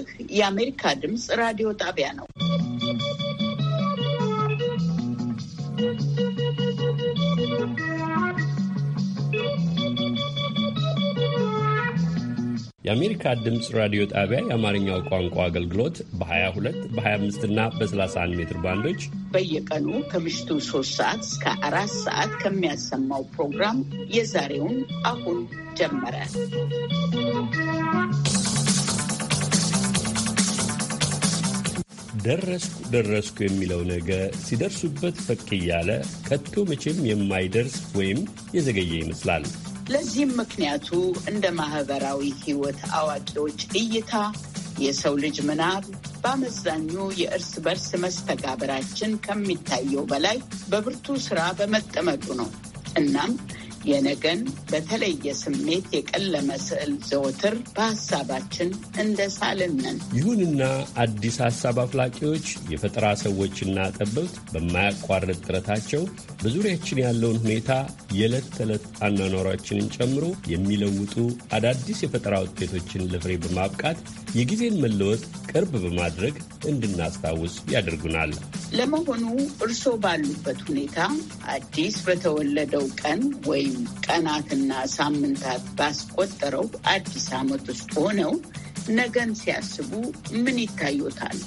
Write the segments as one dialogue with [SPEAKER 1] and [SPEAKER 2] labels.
[SPEAKER 1] ይህ የአሜሪካ ድምፅ ራዲዮ ጣቢያ ነው።
[SPEAKER 2] የአሜሪካ ድምፅ ራዲዮ ጣቢያ የአማርኛው ቋንቋ አገልግሎት በ22 በ25 እና በ31 ሜትር ባንዶች በየቀኑ
[SPEAKER 1] ከምሽቱ 3 ሰዓት እስከ አራት ሰዓት ከሚያሰማው ፕሮግራም የዛሬውን አሁን ጀመረ።
[SPEAKER 2] ደረስኩ ደረስኩ የሚለው ነገ ሲደርሱበት ፈቅ እያለ ከቶ መቼም የማይደርስ ወይም የዘገየ ይመስላል።
[SPEAKER 1] ለዚህም ምክንያቱ እንደ ማህበራዊ ሕይወት አዋቂዎች እይታ የሰው ልጅ ምናብ በአመዛኙ የእርስ በርስ መስተጋበራችን ከሚታየው በላይ በብርቱ ስራ በመጠመቁ ነው። እናም የነገን በተለየ ስሜት የቀለመ ስዕል ዘወትር በሀሳባችን እንደ ሳልነን።
[SPEAKER 2] ይሁንና አዲስ ሀሳብ አፍላቂዎች፣ የፈጠራ ሰዎችና ጠበብት በማያቋርጥ ጥረታቸው በዙሪያችን ያለውን ሁኔታ የዕለት ተዕለት አኗኗሯችንን ጨምሮ የሚለውጡ አዳዲስ የፈጠራ ውጤቶችን ለፍሬ በማብቃት የጊዜን መለወጥ ቅርብ በማድረግ እንድናስታውስ ያደርጉናል።
[SPEAKER 1] ለመሆኑ እርስዎ ባሉበት ሁኔታ አዲስ በተወለደው ቀን ወይ ቀናትና ሳምንታት ባስቆጠረው አዲስ ዓመት ውስጥ ሆነው ነገን ሲያስቡ ምን ይታዩታል?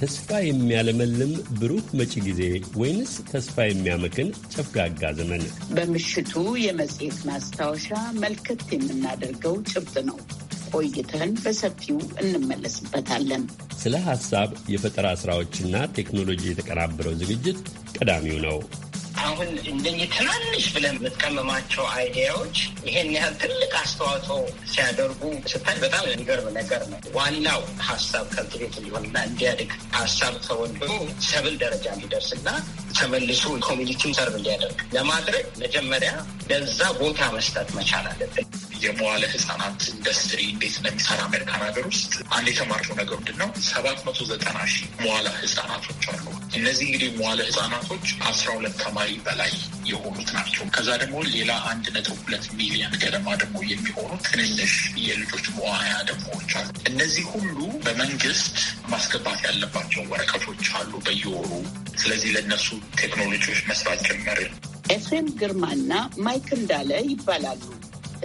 [SPEAKER 2] ተስፋ የሚያለመልም ብሩህ መጪ ጊዜ ወይንስ ተስፋ የሚያመክን ጨፍጋጋ ዘመን?
[SPEAKER 1] በምሽቱ የመጽሔት ማስታወሻ መልከት የምናደርገው ጭብጥ ነው። ቆይተን በሰፊው እንመለስበታለን።
[SPEAKER 2] ስለ ሐሳብ የፈጠራ ሥራዎችና ቴክኖሎጂ የተቀናበረው ዝግጅት ቀዳሚው ነው።
[SPEAKER 3] አሁን እንደኝ ትናንሽ ብለን የምትቀመማቸው አይዲያዎች ይሄን ያህል ትልቅ አስተዋጽኦ ሲያደርጉ ስታይ በጣም የሚገርም ነገር ነው። ዋናው ሀሳብ ከልትቤት እንዲሆንና እንዲያድግ ሀሳብ ተወንዶ ሰብል ደረጃ እንዲደርስና ተመልሶ ኮሚኒቲም ሰርብ እንዲያደርግ ለማድረግ መጀመሪያ ለዛ ቦታ መስጠት መቻል
[SPEAKER 4] አለብን። የመዋለ ህጻናት ኢንዱስትሪ እንዴት እንደሚሰራ አሜሪካን ሀገር ውስጥ አንድ የተማርነው ነገር ምንድን ነው? ሰባት መቶ ዘጠና ሺ መዋለ ህጻናቶች አሉ። እነዚህ እንግዲህ መዋለ ህጻናቶች አስራ ሁለት ተማሪ በላይ የሆኑት ናቸው። ከዛ ደግሞ ሌላ አንድ ነጥብ ሁለት ሚሊዮን ገደማ ደግሞ የሚሆኑ ትንንሽ የልጆች መዋያ ደግሞዎች አሉ። እነዚህ ሁሉ በመንግስት ማስገባት ያለባቸው ወረቀቶች አሉ በየወሩ። ስለዚህ ለእነሱ ቴክኖሎጂዎች መስራት ጀመርን።
[SPEAKER 1] ኤፍሬም ግርማና ማይክ እንዳለ ይባላሉ።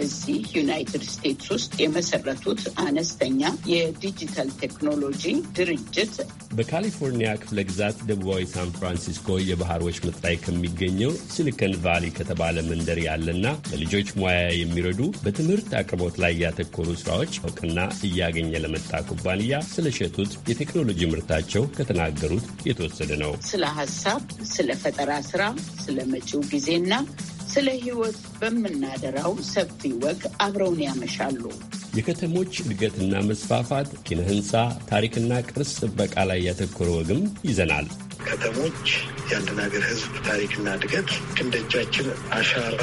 [SPEAKER 1] እዚህ ዩናይትድ ስቴትስ ውስጥ የመሰረቱት አነስተኛ የዲጂታል ቴክኖሎጂ ድርጅት
[SPEAKER 2] በካሊፎርኒያ ክፍለ ግዛት ደቡባዊ ሳን ፍራንሲስኮ የባህሮች ምጥራይ ከሚገኘው ሲሊከን ቫሊ ከተባለ መንደር ያለና ለልጆች ሙያ የሚረዱ በትምህርት አቅርቦት ላይ ያተኮሩ ስራዎች እውቅና እያገኘ ለመጣ ኩባንያ ስለሸጡት የቴክኖሎጂ ምርታቸው ከተናገሩት የተወሰደ ነው።
[SPEAKER 1] ስለ ሀሳብ፣ ስለ ፈጠራ ስራ፣ ስለ መጪው ጊዜና ስለ ሕይወት በምናደራው ሰፊ ወግ አብረውን ያመሻሉ።
[SPEAKER 2] የከተሞች እድገትና መስፋፋት፣ ኪነ ሕንፃ፣ ታሪክና ቅርስ ጥበቃ ላይ ያተኮረ ወግም ይዘናል።
[SPEAKER 5] ከተሞች የአንድን ሀገር ህዝብ ታሪክና እድገት ክንደጃችን እጃችን አሻራ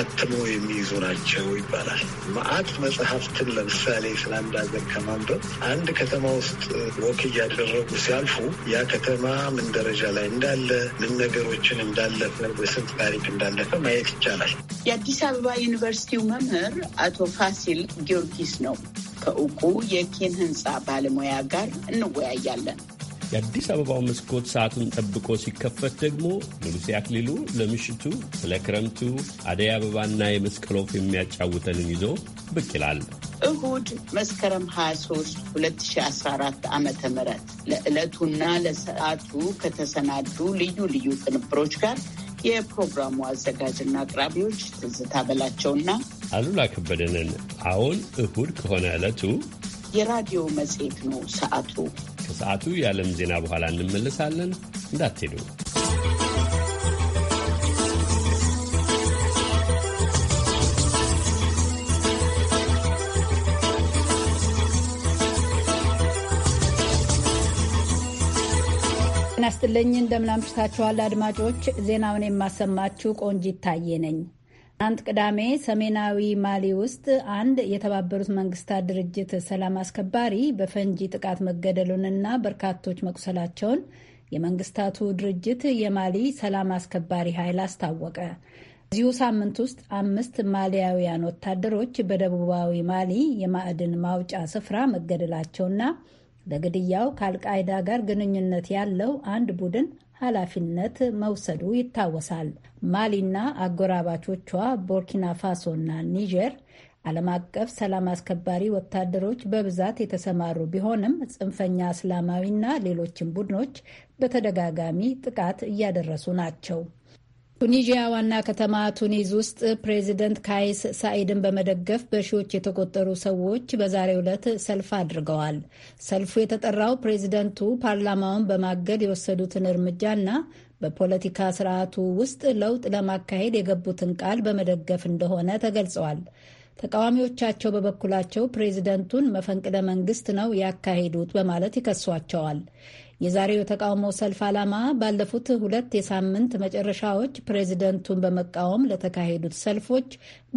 [SPEAKER 5] አትሞ የሚይዙ ናቸው ይባላል። መዓት መጽሐፍትን ለምሳሌ ስለ አንድ ሀገር ከማንበብ አንድ ከተማ ውስጥ ወክ እያደረጉ ሲያልፉ ያ ከተማ ምን ደረጃ ላይ እንዳለ፣ ምን ነገሮችን እንዳለፈ፣ በስንት ታሪክ እንዳለፈ ማየት ይቻላል።
[SPEAKER 1] የአዲስ አበባ ዩኒቨርሲቲው መምህር አቶ ፋሲል ጊዮርጊስ ነው። ከእውቁ የኪን ህንፃ ባለሙያ ጋር እንወያያለን።
[SPEAKER 2] የአዲስ አበባው መስኮት ሰዓቱን ጠብቆ ሲከፈት ደግሞ ንጉሴ አክሊሉ ለምሽቱ ስለ ክረምቱ አደይ አበባና የመስቀል ወፍ የሚያጫውተንን ይዞ ብቅ ይላል።
[SPEAKER 1] እሁድ መስከረም 23 2014 ዓ ም ለዕለቱና ለሰዓቱ ከተሰናዱ ልዩ ልዩ ቅንብሮች ጋር የፕሮግራሙ አዘጋጅና አቅራቢዎች ትዝታ በላቸውና
[SPEAKER 2] አሉላ ከበደንን። አሁን እሁድ ከሆነ ዕለቱ የራዲዮ መጽሔት ነው ሰዓቱ። ከሰዓቱ የዓለም ዜና በኋላ እንመለሳለን። እንዳትሄዱ።
[SPEAKER 6] እንደምን እንደምናምሽታችኋል አድማጮች። ዜናውን የማሰማችሁ ቆንጂት ታዬ ነኝ። ትናንት ቅዳሜ ሰሜናዊ ማሊ ውስጥ አንድ የተባበሩት መንግስታት ድርጅት ሰላም አስከባሪ በፈንጂ ጥቃት መገደሉንና በርካቶች መቁሰላቸውን የመንግስታቱ ድርጅት የማሊ ሰላም አስከባሪ ኃይል አስታወቀ። በዚሁ ሳምንት ውስጥ አምስት ማሊያውያን ወታደሮች በደቡባዊ ማሊ የማዕድን ማውጫ ስፍራ መገደላቸውና ለግድያው ከአልቃይዳ ጋር ግንኙነት ያለው አንድ ቡድን ኃላፊነት መውሰዱ ይታወሳል። ማሊና አጎራባቾቿ ቦርኪና እና ኒጀር ዓለም አቀፍ ሰላም አስከባሪ ወታደሮች በብዛት የተሰማሩ ቢሆንም ጽንፈኛ እስላማዊና ሌሎችም ቡድኖች በተደጋጋሚ ጥቃት እያደረሱ ናቸው። ቱኒዥያ ዋና ከተማ ቱኒዝ ውስጥ ፕሬዚደንት ካይስ ሳኢድን በመደገፍ በሺዎች የተቆጠሩ ሰዎች በዛሬው ዕለት ሰልፍ አድርገዋል። ሰልፉ የተጠራው ፕሬዚደንቱ ፓርላማውን በማገድ የወሰዱትን እርምጃና በፖለቲካ ስርዓቱ ውስጥ ለውጥ ለማካሄድ የገቡትን ቃል በመደገፍ እንደሆነ ተገልጸዋል። ተቃዋሚዎቻቸው በበኩላቸው ፕሬዚደንቱን መፈንቅለ መንግስት ነው ያካሄዱት በማለት ይከሷቸዋል። የዛሬው የተቃውሞ ሰልፍ ዓላማ ባለፉት ሁለት የሳምንት መጨረሻዎች ፕሬዚደንቱን በመቃወም ለተካሄዱት ሰልፎች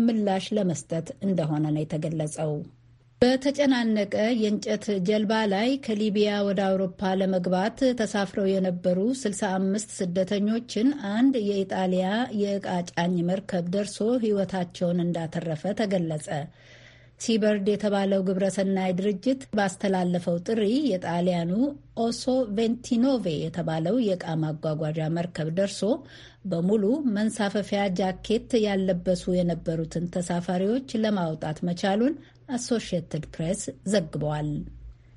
[SPEAKER 6] ምላሽ ለመስጠት እንደሆነ ነው የተገለጸው። በተጨናነቀ የእንጨት ጀልባ ላይ ከሊቢያ ወደ አውሮፓ ለመግባት ተሳፍረው የነበሩ 65 ስደተኞችን አንድ የኢጣሊያ የዕቃ ጫኝ መርከብ ደርሶ ሕይወታቸውን እንዳተረፈ ተገለጸ። ሲበርድ የተባለው ግብረሰናይ ድርጅት ባስተላለፈው ጥሪ የጣሊያኑ ኦሶ ቬንቲኖቬ የተባለው የእቃ ማጓጓዣ መርከብ ደርሶ በሙሉ መንሳፈፊያ ጃኬት ያለበሱ የነበሩትን ተሳፋሪዎች ለማውጣት መቻሉን አሶሺየትድ ፕሬስ ዘግበዋል።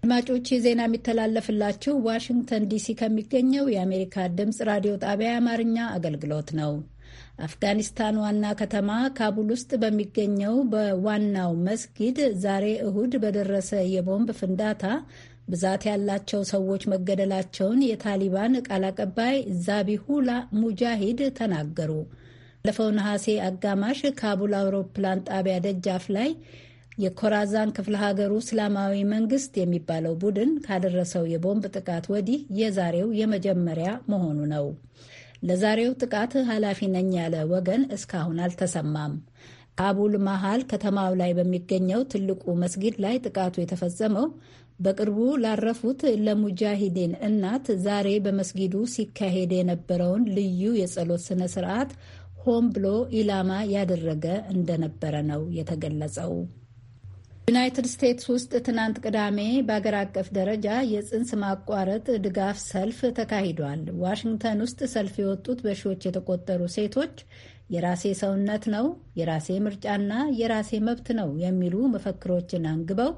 [SPEAKER 6] አድማጮች ዜና የሚተላለፍላችሁ ዋሽንግተን ዲሲ ከሚገኘው የአሜሪካ ድምፅ ራዲዮ ጣቢያ የአማርኛ አገልግሎት ነው። አፍጋኒስታን ዋና ከተማ ካቡል ውስጥ በሚገኘው በዋናው መስጊድ ዛሬ እሁድ በደረሰ የቦምብ ፍንዳታ ብዛት ያላቸው ሰዎች መገደላቸውን የታሊባን ቃል አቀባይ ዛቢሁላ ሙጃሂድ ተናገሩ። ባለፈው ነሐሴ አጋማሽ ካቡል አውሮፕላን ጣቢያ ደጃፍ ላይ የኮራዛን ክፍለ ሀገሩ እስላማዊ መንግስት የሚባለው ቡድን ካደረሰው የቦምብ ጥቃት ወዲህ የዛሬው የመጀመሪያ መሆኑ ነው። ለዛሬው ጥቃት ኃላፊ ነኝ ያለ ወገን እስካሁን አልተሰማም። ካቡል መሃል ከተማው ላይ በሚገኘው ትልቁ መስጊድ ላይ ጥቃቱ የተፈጸመው በቅርቡ ላረፉት ለሙጃሂዲን እናት ዛሬ በመስጊዱ ሲካሄድ የነበረውን ልዩ የጸሎት ስነ ስርዓት ሆን ብሎ ኢላማ ያደረገ እንደነበረ ነው የተገለጸው። ዩናይትድ ስቴትስ ውስጥ ትናንት ቅዳሜ በአገር አቀፍ ደረጃ የጽንስ ማቋረጥ ድጋፍ ሰልፍ ተካሂዷል። ዋሽንግተን ውስጥ ሰልፍ የወጡት በሺዎች የተቆጠሩ ሴቶች የራሴ ሰውነት ነው፣ የራሴ ምርጫና የራሴ መብት ነው የሚሉ መፈክሮችን አንግበው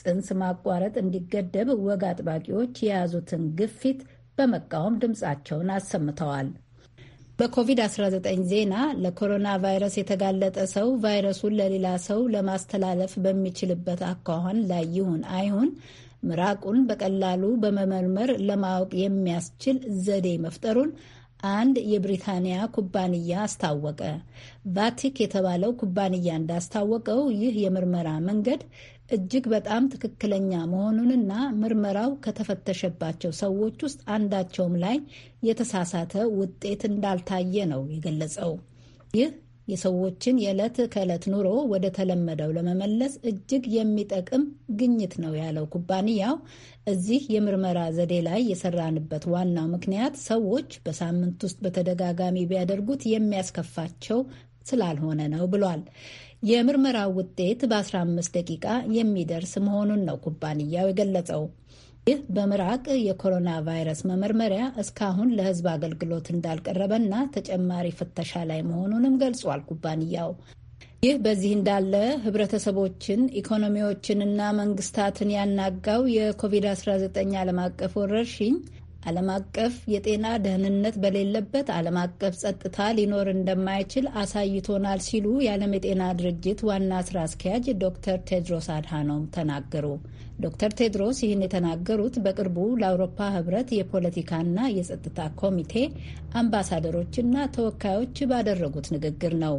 [SPEAKER 6] ጽንስ ማቋረጥ እንዲገደብ ወግ አጥባቂዎች የያዙትን ግፊት በመቃወም ድምፃቸውን አሰምተዋል። በኮቪድ-19 ዜና ለኮሮና ቫይረስ የተጋለጠ ሰው ቫይረሱን ለሌላ ሰው ለማስተላለፍ በሚችልበት አኳኋን ላይ ይሁን አይሁን ምራቁን በቀላሉ በመመርመር ለማወቅ የሚያስችል ዘዴ መፍጠሩን አንድ የብሪታንያ ኩባንያ አስታወቀ። ቫቲክ የተባለው ኩባንያ እንዳስታወቀው ይህ የምርመራ መንገድ እጅግ በጣም ትክክለኛ መሆኑንና ምርመራው ከተፈተሸባቸው ሰዎች ውስጥ አንዳቸውም ላይ የተሳሳተ ውጤት እንዳልታየ ነው የገለጸው። ይህ የሰዎችን የዕለት ከዕለት ኑሮ ወደ ተለመደው ለመመለስ እጅግ የሚጠቅም ግኝት ነው ያለው ኩባንያው፣ እዚህ የምርመራ ዘዴ ላይ የሰራንበት ዋናው ምክንያት ሰዎች በሳምንት ውስጥ በተደጋጋሚ ቢያደርጉት የሚያስከፋቸው ስላልሆነ ነው ብሏል። የምርመራው ውጤት በ15 ደቂቃ የሚደርስ መሆኑን ነው ኩባንያው የገለጸው። ይህ በምራቅ የኮሮና ቫይረስ መመርመሪያ እስካሁን ለሕዝብ አገልግሎት እንዳልቀረበና ተጨማሪ ፍተሻ ላይ መሆኑንም ገልጿል ኩባንያው። ይህ በዚህ እንዳለ ህብረተሰቦችን ኢኮኖሚዎችንና መንግስታትን ያናጋው የኮቪድ-19 ዓለም አቀፍ ወረርሽኝ ዓለም አቀፍ የጤና ደህንነት በሌለበት ዓለም አቀፍ ጸጥታ ሊኖር እንደማይችል አሳይቶናል ሲሉ የዓለም የጤና ድርጅት ዋና ስራ አስኪያጅ ዶክተር ቴድሮስ አድሃኖም ተናገሩ። ዶክተር ቴድሮስ ይህን የተናገሩት በቅርቡ ለአውሮፓ ህብረት የፖለቲካና የጸጥታ ኮሚቴ አምባሳደሮችና ተወካዮች ባደረጉት ንግግር ነው።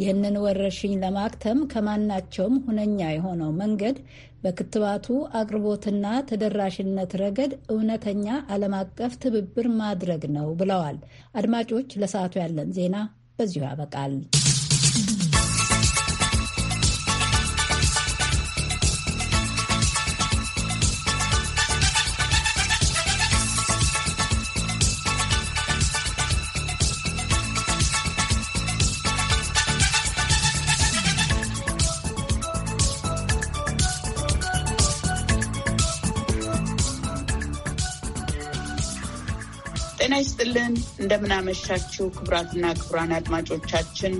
[SPEAKER 6] ይህንን ወረርሽኝ ለማክተም ከማናቸውም ሁነኛ የሆነው መንገድ በክትባቱ አቅርቦትና ተደራሽነት ረገድ እውነተኛ ዓለም አቀፍ ትብብር ማድረግ ነው ብለዋል። አድማጮች፣ ለሰዓቱ ያለን ዜና በዚሁ ያበቃል።
[SPEAKER 1] ይስጥልን። እንደምናመሻችው ክቡራትና ክቡራን አድማጮቻችን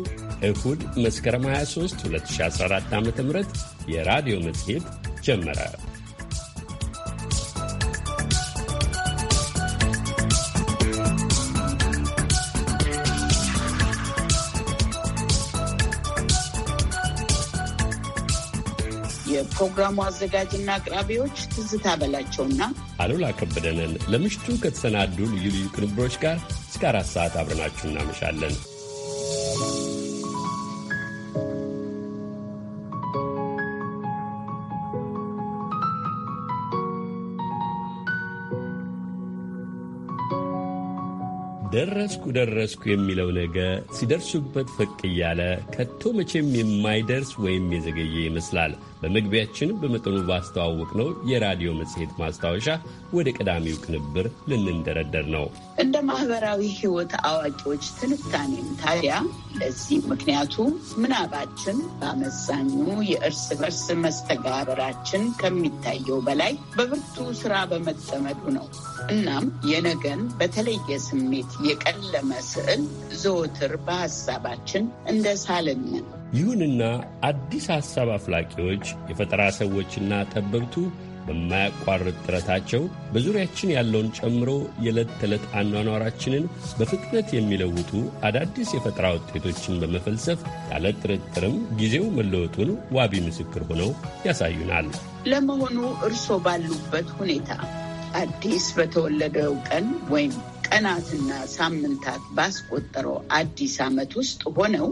[SPEAKER 2] እሁድ መስከረም 23 2014 ዓ ም የራዲዮ መጽሔት ጀመረ።
[SPEAKER 1] የፕሮግራሙ አዘጋጅና አቅራቢዎች ትዝታ በላቸውና
[SPEAKER 2] አሉላ ከበደንን ለምሽቱ ከተሰናዱ ልዩ ልዩ ቅንብሮች ጋር እስከ አራት ሰዓት አብረናችሁ እናመሻለን። ደረስኩ ደረስኩ የሚለው ነገ ሲደርሱበት ፈቅ እያለ ከቶ መቼም የማይደርስ ወይም የዘገየ ይመስላል። በመግቢያችን በመጠኑ ነው የራዲዮ መጽሔት ማስታወሻ ወደ ቀዳሚው ቅንብር ልንንደረደር ነው።
[SPEAKER 1] እንደ ማህበራዊ ሕይወት አዋቂዎች ትንታኔም ታዲያ ለዚህ ምክንያቱ ምናባችን በአመዛኙ የእርስ በርስ መስተጋበራችን ከሚታየው በላይ በብርቱ ስራ በመጠመዱ ነው። እናም የነገን በተለየ ስሜት የቀለመ ስዕል ዘወትር በሀሳባችን እንደሳልንን
[SPEAKER 2] ይሁንና አዲስ ሐሳብ አፍላቂዎች የፈጠራ ሰዎችና ጠበብቱ በማያቋርጥ ጥረታቸው በዙሪያችን ያለውን ጨምሮ የዕለት ተዕለት አኗኗራችንን በፍጥነት የሚለውጡ አዳዲስ የፈጠራ ውጤቶችን በመፈልሰፍ ያለ ጥርጥርም ጊዜው መለወጡን ዋቢ ምስክር ሆነው ያሳዩናል።
[SPEAKER 1] ለመሆኑ እርስዎ ባሉበት ሁኔታ አዲስ በተወለደው ቀን ወይም ቀናትና ሳምንታት ባስቆጠረው አዲስ ዓመት ውስጥ ሆነው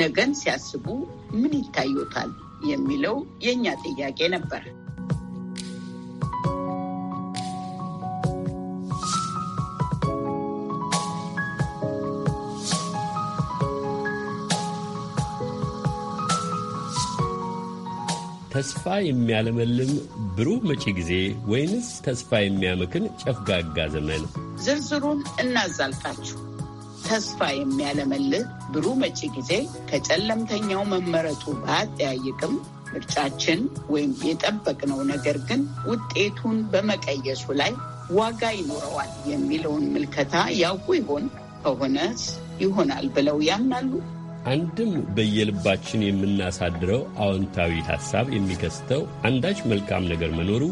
[SPEAKER 1] ነገን ሲያስቡ ምን ይታዩታል የሚለው የእኛ ጥያቄ ነበር።
[SPEAKER 2] ተስፋ የሚያለመልም ብሩህ መጪ ጊዜ ወይንስ ተስፋ የሚያመክን ጨፍጋጋ ዘመን?
[SPEAKER 1] ዝርዝሩን እናዛልፋችሁ። ተስፋ የሚያለመልህ ብሩ መጪ ጊዜ ከጨለምተኛው መመረጡ ባያጠያይቅም ምርጫችን ወይም የጠበቅነው ነገር ግን ውጤቱን በመቀየሱ ላይ ዋጋ ይኖረዋል የሚለውን ምልከታ ያውቁ ይሆን? ከሆነስ ይሆናል ብለው ያምናሉ?
[SPEAKER 2] አንድም በየልባችን የምናሳድረው አዎንታዊ ሐሳብ የሚከስተው አንዳች መልካም ነገር መኖሩ፣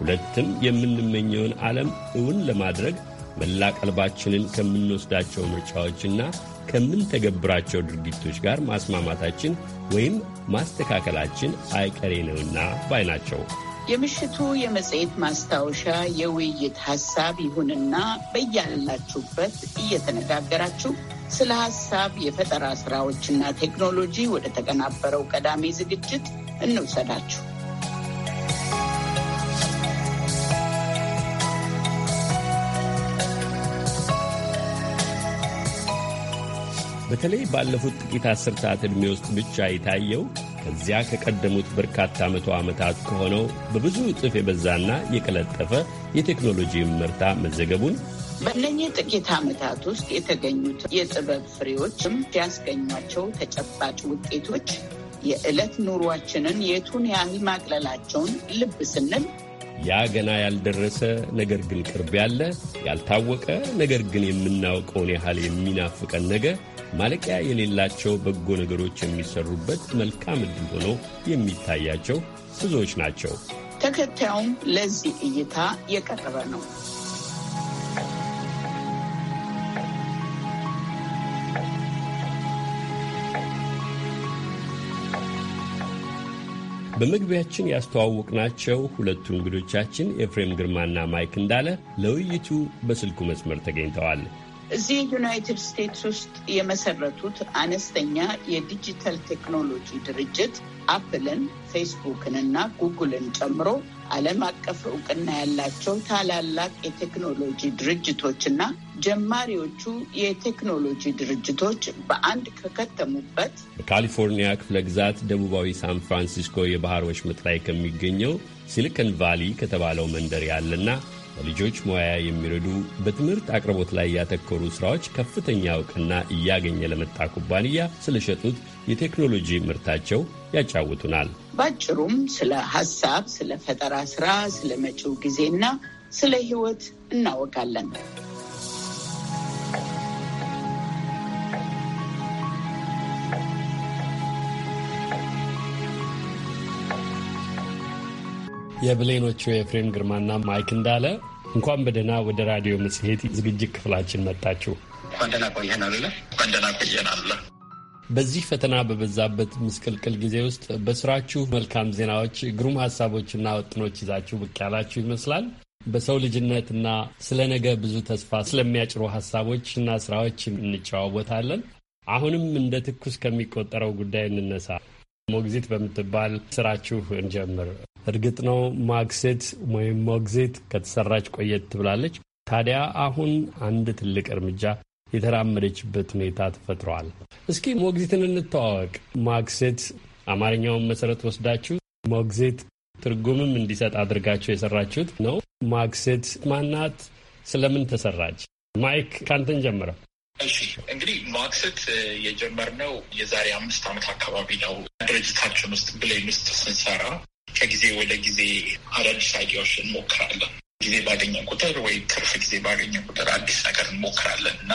[SPEAKER 2] ሁለትም የምንመኘውን ዓለም እውን ለማድረግ መላ ቀልባችንን ከምንወስዳቸው ምርጫዎችና ከምንተገብራቸው ድርጊቶች ጋር ማስማማታችን ወይም ማስተካከላችን አይቀሬ ነውና ባይ ናቸው።
[SPEAKER 1] የምሽቱ የመጽሔት ማስታወሻ የውይይት ሐሳብ ይሁንና በያላችሁበት እየተነጋገራችሁ ስለ ሐሳብ የፈጠራ ሥራዎችና ቴክኖሎጂ ወደ ተቀናበረው ቀዳሚ ዝግጅት እንውሰዳችሁ።
[SPEAKER 2] በተለይ ባለፉት ጥቂት አስር ሰዓት ውስጥ ብቻ የታየው ከዚያ ከቀደሙት በርካታ መቶ ዓመታት ከሆነው በብዙ እጥፍ የበዛና የቀለጠፈ የቴክኖሎጂ ምርታ መዘገቡን
[SPEAKER 1] በእነኚህ ጥቂት ዓመታት ውስጥ የተገኙት የጥበብ ፍሬዎችም ያስገኟቸው ተጨባጭ ውጤቶች የዕለት ኑሯችንን የቱን ያህል ማቅለላቸውን ልብ ስንል
[SPEAKER 2] ያ ገና ያልደረሰ ነገር ግን ቅርብ ያለ ያልታወቀ ነገር ግን የምናውቀውን ያህል የሚናፍቀን ነገር ማለቂያ የሌላቸው በጎ ነገሮች የሚሰሩበት መልካም እድል ሆኖ የሚታያቸው ብዙዎች ናቸው።
[SPEAKER 1] ተከታዩም ለዚህ እይታ የቀረበ ነው።
[SPEAKER 2] በመግቢያችን ያስተዋወቅናቸው ሁለቱ እንግዶቻችን ኤፍሬም ግርማና ማይክ እንዳለ ለውይይቱ በስልኩ መስመር ተገኝተዋል።
[SPEAKER 1] እዚህ ዩናይትድ ስቴትስ ውስጥ የመሰረቱት አነስተኛ የዲጂታል ቴክኖሎጂ ድርጅት አፕልን፣ ፌስቡክን እና ጉግልን ጨምሮ ዓለም አቀፍ እውቅና ያላቸው ታላላቅ የቴክኖሎጂ ድርጅቶችና ጀማሪዎቹ የቴክኖሎጂ ድርጅቶች በአንድ ከከተሙበት
[SPEAKER 2] በካሊፎርኒያ ክፍለ ግዛት ደቡባዊ ሳን ፍራንሲስኮ የባህር ወሽመጥ ላይ ከሚገኘው ሲሊከን ቫሊ ከተባለው መንደር ያለና ለልጆች ሙያ የሚረዱ በትምህርት አቅርቦት ላይ ያተኮሩ ሥራዎች ከፍተኛ እውቅና እያገኘ ለመጣ ኩባንያ ስለሸጡት የቴክኖሎጂ ምርታቸው ያጫውቱናል።
[SPEAKER 1] ባጭሩም ስለ ሀሳብ፣ ስለ ፈጠራ ስራ፣ ስለ መጪው ጊዜና ስለ ህይወት እናወጋለን።
[SPEAKER 2] የብሌኖቹ የፍሬም ግርማና ማይክ እንዳለ እንኳን በደህና ወደ ራዲዮ መጽሔት ዝግጅት ክፍላችን መጣችሁ።
[SPEAKER 3] እንኳን ደህና
[SPEAKER 2] በዚህ ፈተና በበዛበት ምስቅልቅል ጊዜ ውስጥ በስራችሁ መልካም ዜናዎች፣ ግሩም ሀሳቦችና ወጥኖች ይዛችሁ ብቅ ያላችሁ ይመስላል። በሰው ልጅነትና ስለ ነገ ብዙ ተስፋ ስለሚያጭሩ ሀሳቦችና ስራዎች እንጨዋወታለን። አሁንም እንደ ትኩስ ከሚቆጠረው ጉዳይ እንነሳ። ሞግዚት በምትባል ስራችሁ እንጀምር። እርግጥ ነው ማግሴት ወይም ሞግዚት ከተሰራች ቆየት ትብላለች። ታዲያ አሁን አንድ ትልቅ እርምጃ የተራመደችበት ሁኔታ ተፈጥረዋል። እስኪ ሞግዚትን እንተዋወቅ። ማግሴት አማርኛውን መሰረት ወስዳችሁ ሞግዚት ትርጉምም እንዲሰጥ አድርጋችሁ የሰራችሁት ነው። ማግሴት ማናት? ስለምን ተሰራች? ማይክ ካንተን ጀምረው። እሺ
[SPEAKER 4] እንግዲህ ማክሰት የጀመርነው የዛሬ አምስት ዓመት አካባቢ ነው። ድርጅታችን ውስጥ ብሌን ውስጥ ስንሰራ ከጊዜ ወደ ጊዜ አዳዲስ አይዲያዎች እንሞክራለን። ጊዜ ባገኘ ቁጥር ወይ ትርፍ ጊዜ ባገኘ ቁጥር አዲስ ነገር እንሞክራለን እና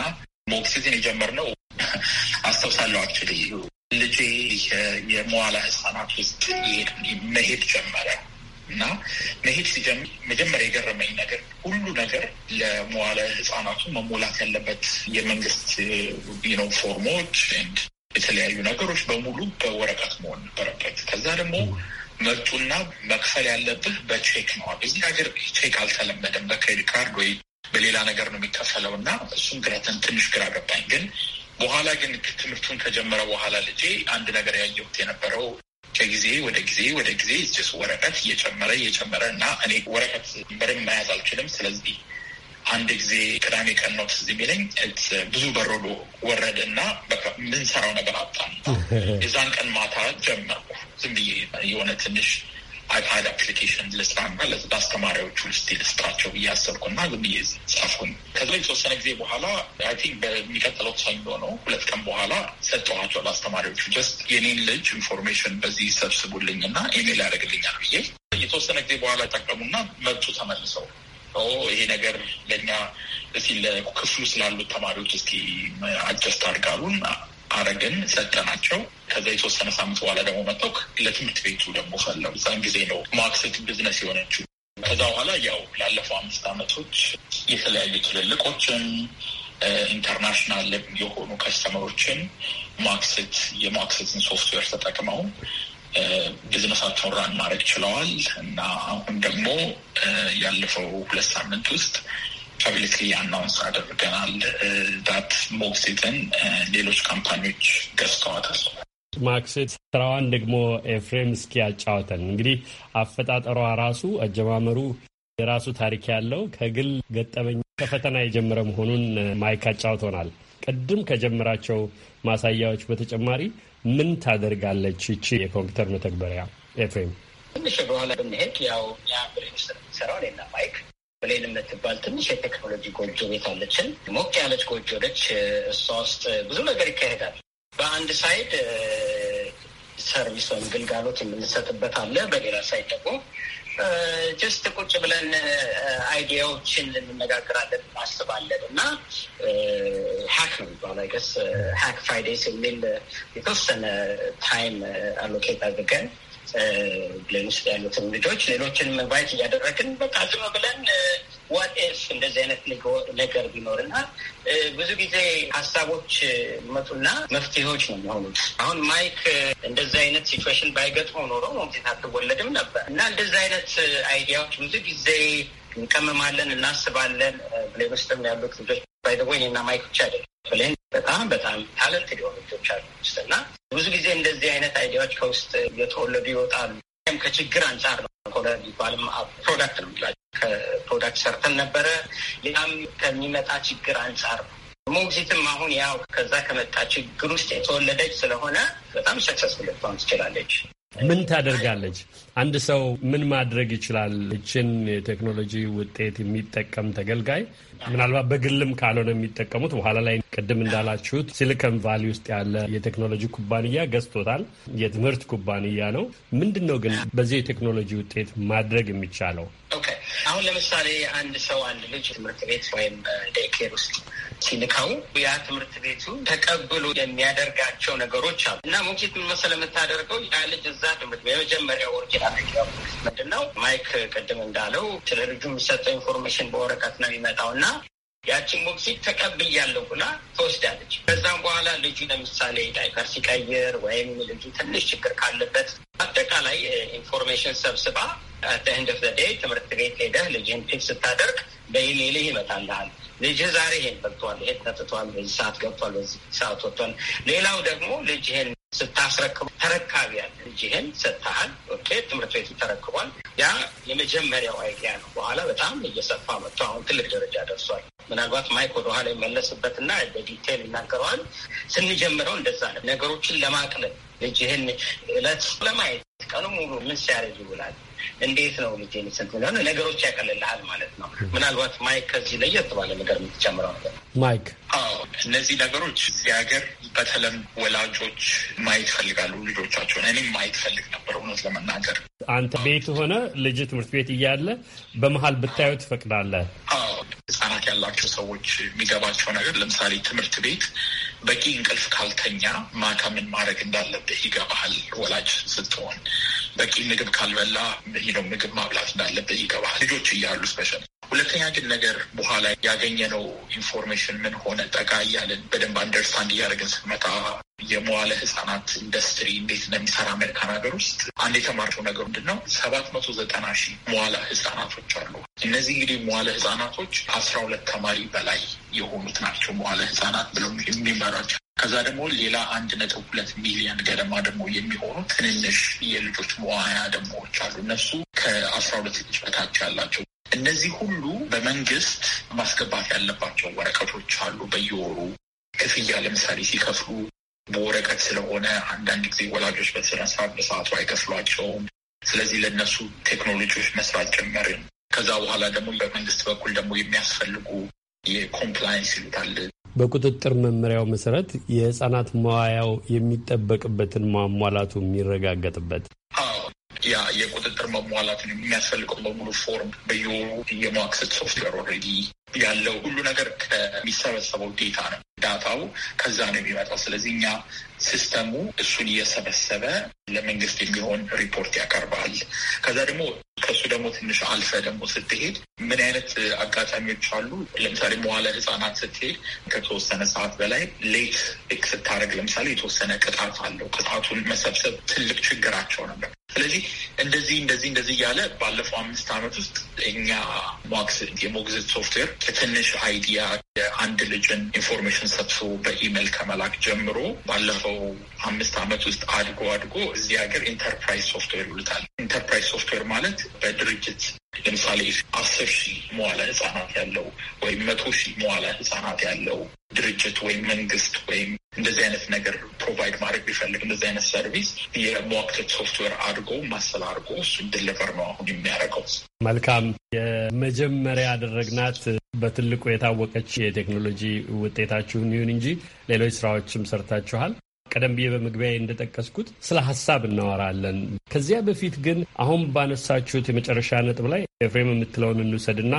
[SPEAKER 4] ሞክሲትን የጀመርነው አስታውሳለሁ። አክቹዋሊ ልጄ የመዋላ ህፃናት ውስጥ መሄድ ጀመረ እና መሄድ ሲጀምር መጀመሪያ የገረመኝ ነገር ሁሉ ነገር ለመዋለ ህጻናቱ መሞላት ያለበት የመንግስት ነው ፎርሞች የተለያዩ ነገሮች በሙሉ በወረቀት መሆን ነበረበት። ከዛ ደግሞ መጡና መክፈል ያለብህ በቼክ ነው። እዚህ ሀገር ቼክ አልተለመደም። በክሬዲት ካርድ ወይ በሌላ ነገር ነው የሚከፈለው እና እሱም ግረትን ትንሽ ግራ ገባኝ። ግን በኋላ ግን ትምህርቱን ከጀመረ በኋላ ልጄ አንድ ነገር ያየሁት የነበረው ከጊዜ ወደ ጊዜ ወደ ጊዜ ስ ወረቀት እየጨመረ እየጨመረ እና እኔ ወረቀት በደንብ መያዝ አልችልም። ስለዚህ አንድ ጊዜ ቅዳሜ ቀን ነው ትዝ የሚለኝ ብዙ በረዶ ወረደ እና ምንሰራው ነገር አጣን። የዛን ቀን ማታ ጀመርኩ ዝም ብዬ የሆነ ትንሽ አይፓድ አፕሊኬሽን ልስራና ለአስተማሪዎቹ ልስቲ ልስጥራቸው ብዬ ና ዝም ብዬ ጻፍኩኝ። ከዚ የተወሰነ ጊዜ በኋላ አይ ቲንክ በሚቀጥለው ሰኞ ነው ሁለት ቀን በኋላ ሰጠኋቸው ለአስተማሪዎቹ። ጀስት የኔን ልጅ ኢንፎርሜሽን በዚህ ሰብስቡልኝ እና ኢሜል ያደርግልኛል ብዬ የተወሰነ ጊዜ በኋላ ጠቀሙና መጡ ተመልሰው ይሄ ነገር ለእኛ እስኪ ለክፍሉ ስላሉት ተማሪዎች እስኪ አጀስት አድርጋሉን አረግን ሰጠናቸው። ከዛ የተወሰነ ሳምንት በኋላ ደግሞ መጥተው ለትምህርት ቤቱ ደግሞ ፈለው እዛን ጊዜ ነው ማክሰት ቢዝነስ የሆነችው። ከዛ በኋላ ያው ላለፈው አምስት ዓመቶች የተለያዩ ትልልቆችን ኢንተርናሽናል የሆኑ ከስተመሮችን ማክሰት የማክሰትን ሶፍትዌር ተጠቅመው ቢዝነሳቸውን ራን ማድረግ ችለዋል እና አሁን ደግሞ ያለፈው ሁለት ሳምንት ውስጥ
[SPEAKER 2] ፐብሊክሊ አናውንስ አድርገናል። ዳት ሞግዚትን ሌሎች ካምፓኒዎች ገዝተዋታል። ማክሴት ስራዋን ደግሞ ኤፍሬም እስኪ ያጫወተን። እንግዲህ አፈጣጠሯ ራሱ አጀማመሩ የራሱ ታሪክ ያለው ከግል ገጠመኝ ከፈተና የጀመረ መሆኑን ማይክ አጫውቶናል። ቅድም ከጀመራቸው ማሳያዎች በተጨማሪ ምን ታደርጋለች ይቺ የኮምፒውተር መተግበሪያ ኤፍሬም?
[SPEAKER 3] ትንሽ በኋላ ብንሄድ ያው እኛ ብሬን ስር የምንሰራው እኔና ማይክ ብሌን የምትባል ትንሽ የቴክኖሎጂ ጎጆ ቤት አለችን። ሞቅ ያለች ጎጆ ነች። እሷ ውስጥ ብዙ ነገር ይካሄዳል። በአንድ ሳይድ ሰርቪስ ወይም ግልጋሎት የምንሰጥበት አለ። በሌላ ሳይድ ደግሞ ጀስት ቁጭ ብለን አይዲያዎችን እንነጋገራለን፣ እናስባለን እና ሀክ ነው የሚባለው አይገስ ሀክ ፍራይዴይስ የሚል የተወሰነ ታይም አሎኬት አድርገን ውስጥ ያሉትን ልጆች ሌሎችን መግባት እያደረግን በቃ ዝም ብለን ዋት እንደዚህ አይነት ነገር ቢኖር እና ብዙ ጊዜ ሀሳቦች መጡና መፍትሄዎች ነው የሚሆኑት። አሁን ማይክ እንደዚህ አይነት ሲትዌሽን ባይገጥመው ኖሮ ሞምቴት አትወለድም ነበር እና እንደዚህ አይነት አይዲያዎች ብዙ ጊዜ እንቀመማለን፣ እናስባለን። ብሌን ውስጥም ያሉት ልጆች ባይዘወይ እና ማይክ ብቻ አይደለም ብለን በጣም በጣም ታለንት ሊሆኑ ልጆች አሉ ውስጥ እና ብዙ ጊዜ እንደዚህ አይነት አይዲያዎች ከውስጥ እየተወለዱ ይወጣሉ። ም ከችግር አንጻር ነው። ኮለር ቢባልም ፕሮዳክት ነው ላ ከፕሮዳክት ሰርተን ነበረ። ያም ከሚመጣ ችግር አንጻር ነው። ሞግዚትም አሁን ያው ከዛ ከመጣ ችግር ውስጥ የተወለደች ስለሆነ በጣም ሰክሰስፉል ልትሆን ትችላለች።
[SPEAKER 2] ምን ታደርጋለች? አንድ ሰው ምን ማድረግ ይችላል? እችን የቴክኖሎጂ ውጤት የሚጠቀም ተገልጋይ ምናልባት በግልም ካልሆነ የሚጠቀሙት በኋላ ላይ ቅድም እንዳላችሁት ሲሊከን ቫሊ ውስጥ ያለ የቴክኖሎጂ ኩባንያ ገዝቶታል። የትምህርት ኩባንያ ነው። ምንድን ነው ግን በዚህ የቴክኖሎጂ ውጤት ማድረግ የሚቻለው?
[SPEAKER 3] አሁን ለምሳሌ አንድ ሰው አንድ ልጅ ትምህርት ቤት ወይም ዴይኬር ውስጥ ሲልከው ያ ትምህርት ቤቱ ተቀብሎ የሚያደርጋቸው ነገሮች አሉ እና ሙኪት መሰለ የምታደርገው ያ ልጅ እዛ ትምህርት የመጀመሪያ ወርጅ መታጠቂያ ምንድን ነው? ማይክ ቅድም እንዳለው ስለ ልጁ የሚሰጠው ኢንፎርሜሽን በወረቀት ነው የሚመጣው እና ያችን ሞክሲት ተቀብያለሁ ብላ ትወስዳለች። ከዛም በኋላ ልጁ ለምሳሌ ዳይፐር ሲቀይር ወይም ልጁ ትንሽ ችግር ካለበት አጠቃላይ ኢንፎርሜሽን ሰብስባ ተንድ ኦፍ ዘ ዴይ ትምህርት ቤት ሄደህ ልጅን ፒክ ስታደርግ በኢሜይልህ ይመጣልሃል። ልጅ ዛሬ ይሄን በልቷል፣ ይሄን ጠጥቷል፣ በዚህ ሰዓት ገብቷል፣ በዚህ ሰዓት ወጥቷል። ሌላው ደግሞ ልጅ ይሄን ስታስረክቡ ተረካቢ ያለ ልጅህን ሰጥተሃል፣ ኦኬ ትምህርት ቤቱ ተረክቧል። ያ የመጀመሪያው አይዲያ ነው። በኋላ በጣም እየሰፋ መጥቶ አሁን ትልቅ ደረጃ ደርሷል። ምናልባት ማይክ ወደኋላ ይመለስበትና በዲቴል ይናገረዋል። ስንጀምረው እንደዛ ነው። ነገሮችን ለማቅለል ልጅህን እለት ለማየት ቀኑ ሙሉ ምን ሲያደርግ ይውላል እንዴት ነው ልጅ የሚሰግናል ነገሮች ያቀልልሃል ማለት ነው። ምናልባት ማይክ ከዚህ ለየት ባለ
[SPEAKER 4] ነገር የምትጨምረው ነገር ማይክ? አዎ እነዚህ ነገሮች እዚህ ሀገር በተለም ወላጆች ማየት ይፈልጋሉ ልጆቻቸውን። እኔም ማየት ፈልግ ነበር እውነት ለመናገር
[SPEAKER 2] አንተ ቤት ሆነ ልጅ ትምህርት ቤት እያለ በመሀል ብታዩ ትፈቅዳለህ?
[SPEAKER 4] ህጻናት ያላቸው ሰዎች የሚገባቸው ነገር ለምሳሌ ትምህርት ቤት በቂ እንቅልፍ ካልተኛ ማታ ምን ማድረግ እንዳለብህ ይገባሃል። ወላጅ ስትሆን በቂ ምግብ ካልበላ ምግብ ማብላት እንዳለበት ይገባል። ልጆች እያሉ ስፔሻል ሁለተኛ ግን ነገር በኋላ ያገኘነው ኢንፎርሜሽን ምን ሆነ ጠጋ እያለን በደንብ አንደርስታንድ እያደረግን ስንመጣ የመዋለ ህጻናት ኢንዱስትሪ እንዴት እንደሚሰራ አሜሪካን ሀገር ውስጥ አንድ የተማርነው ነገር ምንድን ነው? ሰባት መቶ ዘጠና ሺህ መዋለ ህጻናቶች አሉ። እነዚህ እንግዲህ መዋለ ህጻናቶች አስራ ሁለት ተማሪ በላይ የሆኑት ናቸው መዋለ ህጻናት ብለው የሚመራቸው። ከዛ ደግሞ ሌላ አንድ ነጥብ ሁለት ሚሊዮን ገደማ ደግሞ የሚሆኑ ትንንሽ የልጆች መዋያ ደሞዎች አሉ። እነሱ ከአስራ ሁለት ልጅ በታች ያላቸው እነዚህ ሁሉ በመንግስት ማስገባት ያለባቸው ወረቀቶች አሉ። በየወሩ ክፍያ ለምሳሌ ሲከፍሉ በወረቀት ስለሆነ አንዳንድ ጊዜ ወላጆች በስነስርዓት በሰዓቱ አይከፍሏቸውም። ስለዚህ ለእነሱ ቴክኖሎጂዎች መስራት ጀመርን። ከዛ በኋላ ደግሞ በመንግስት በኩል ደግሞ የሚያስፈልጉ
[SPEAKER 2] የኮምፕላይንስ ይሉታል በቁጥጥር መመሪያው መሰረት የህፃናት መዋያው የሚጠበቅበትን ማሟላቱ የሚረጋገጥበት
[SPEAKER 4] ያ የቁጥጥር መሟላትን የሚያስፈልገው በሙሉ ፎርም በየወሩ የማክሰት ሶፍትዌር ኦልሬዲ ያለው ሁሉ ነገር ከሚሰበሰበው ዴታ ነው። ዳታው ከዛ ነው የሚመጣው። ስለዚህ እኛ ሲስተሙ እሱን እየሰበሰበ ለመንግስት የሚሆን ሪፖርት ያቀርባል። ከዛ ደግሞ ከሱ ደግሞ ትንሽ አልፈ ደግሞ ስትሄድ ምን አይነት አጋጣሚዎች አሉ? ለምሳሌ መዋለ ህፃናት ስትሄድ ከተወሰነ ሰዓት በላይ ሌት ስታደርግ፣ ለምሳሌ የተወሰነ ቅጣት አለው። ቅጣቱን መሰብሰብ ትልቅ ችግራቸው ነበር። ስለዚህ እንደዚህ እንደዚህ እንደዚህ እያለ ባለፈው አምስት ዓመት ውስጥ እኛ የሞግዚት ሶፍትዌር ከትንሽ አይዲያ የአንድ ልጅን ኢንፎርሜሽን ሰብስቦ በኢሜይል ከመላክ ጀምሮ ባለፈው አምስት ዓመት ውስጥ አድጎ አድጎ እዚህ ሀገር ኢንተርፕራይዝ ሶፍትዌር ይሉታል። ኢንተርፕራይዝ ሶፍትዌር ማለት በድርጅት ለምሳሌ አስር ሺህ መዋለ ህጻናት ያለው ወይም መቶ ሺህ መዋለ ህጻናት ያለው ድርጅት ወይም መንግስት ወይም እንደዚህ አይነት ነገር ፕሮቫይድ ማድረግ ቢፈልግ እንደዚህ አይነት ሰርቪስ የሞክተድ
[SPEAKER 2] ሶፍትዌር አድርጎ ማሰል አድርጎ እሱ ድለቨር ነው አሁን የሚያደርገው። መልካም የመጀመሪያ ያደረግናት በትልቁ የታወቀች የቴክኖሎጂ ውጤታችሁን ይሁን እንጂ ሌሎች ስራዎችም ሰርታችኋል። ቀደም ብዬ በመግቢያ እንደጠቀስኩት ስለ ሀሳብ እናወራለን። ከዚያ በፊት ግን አሁን ባነሳችሁት የመጨረሻ ነጥብ ላይ ኤፍሬም የምትለውን እንውሰድና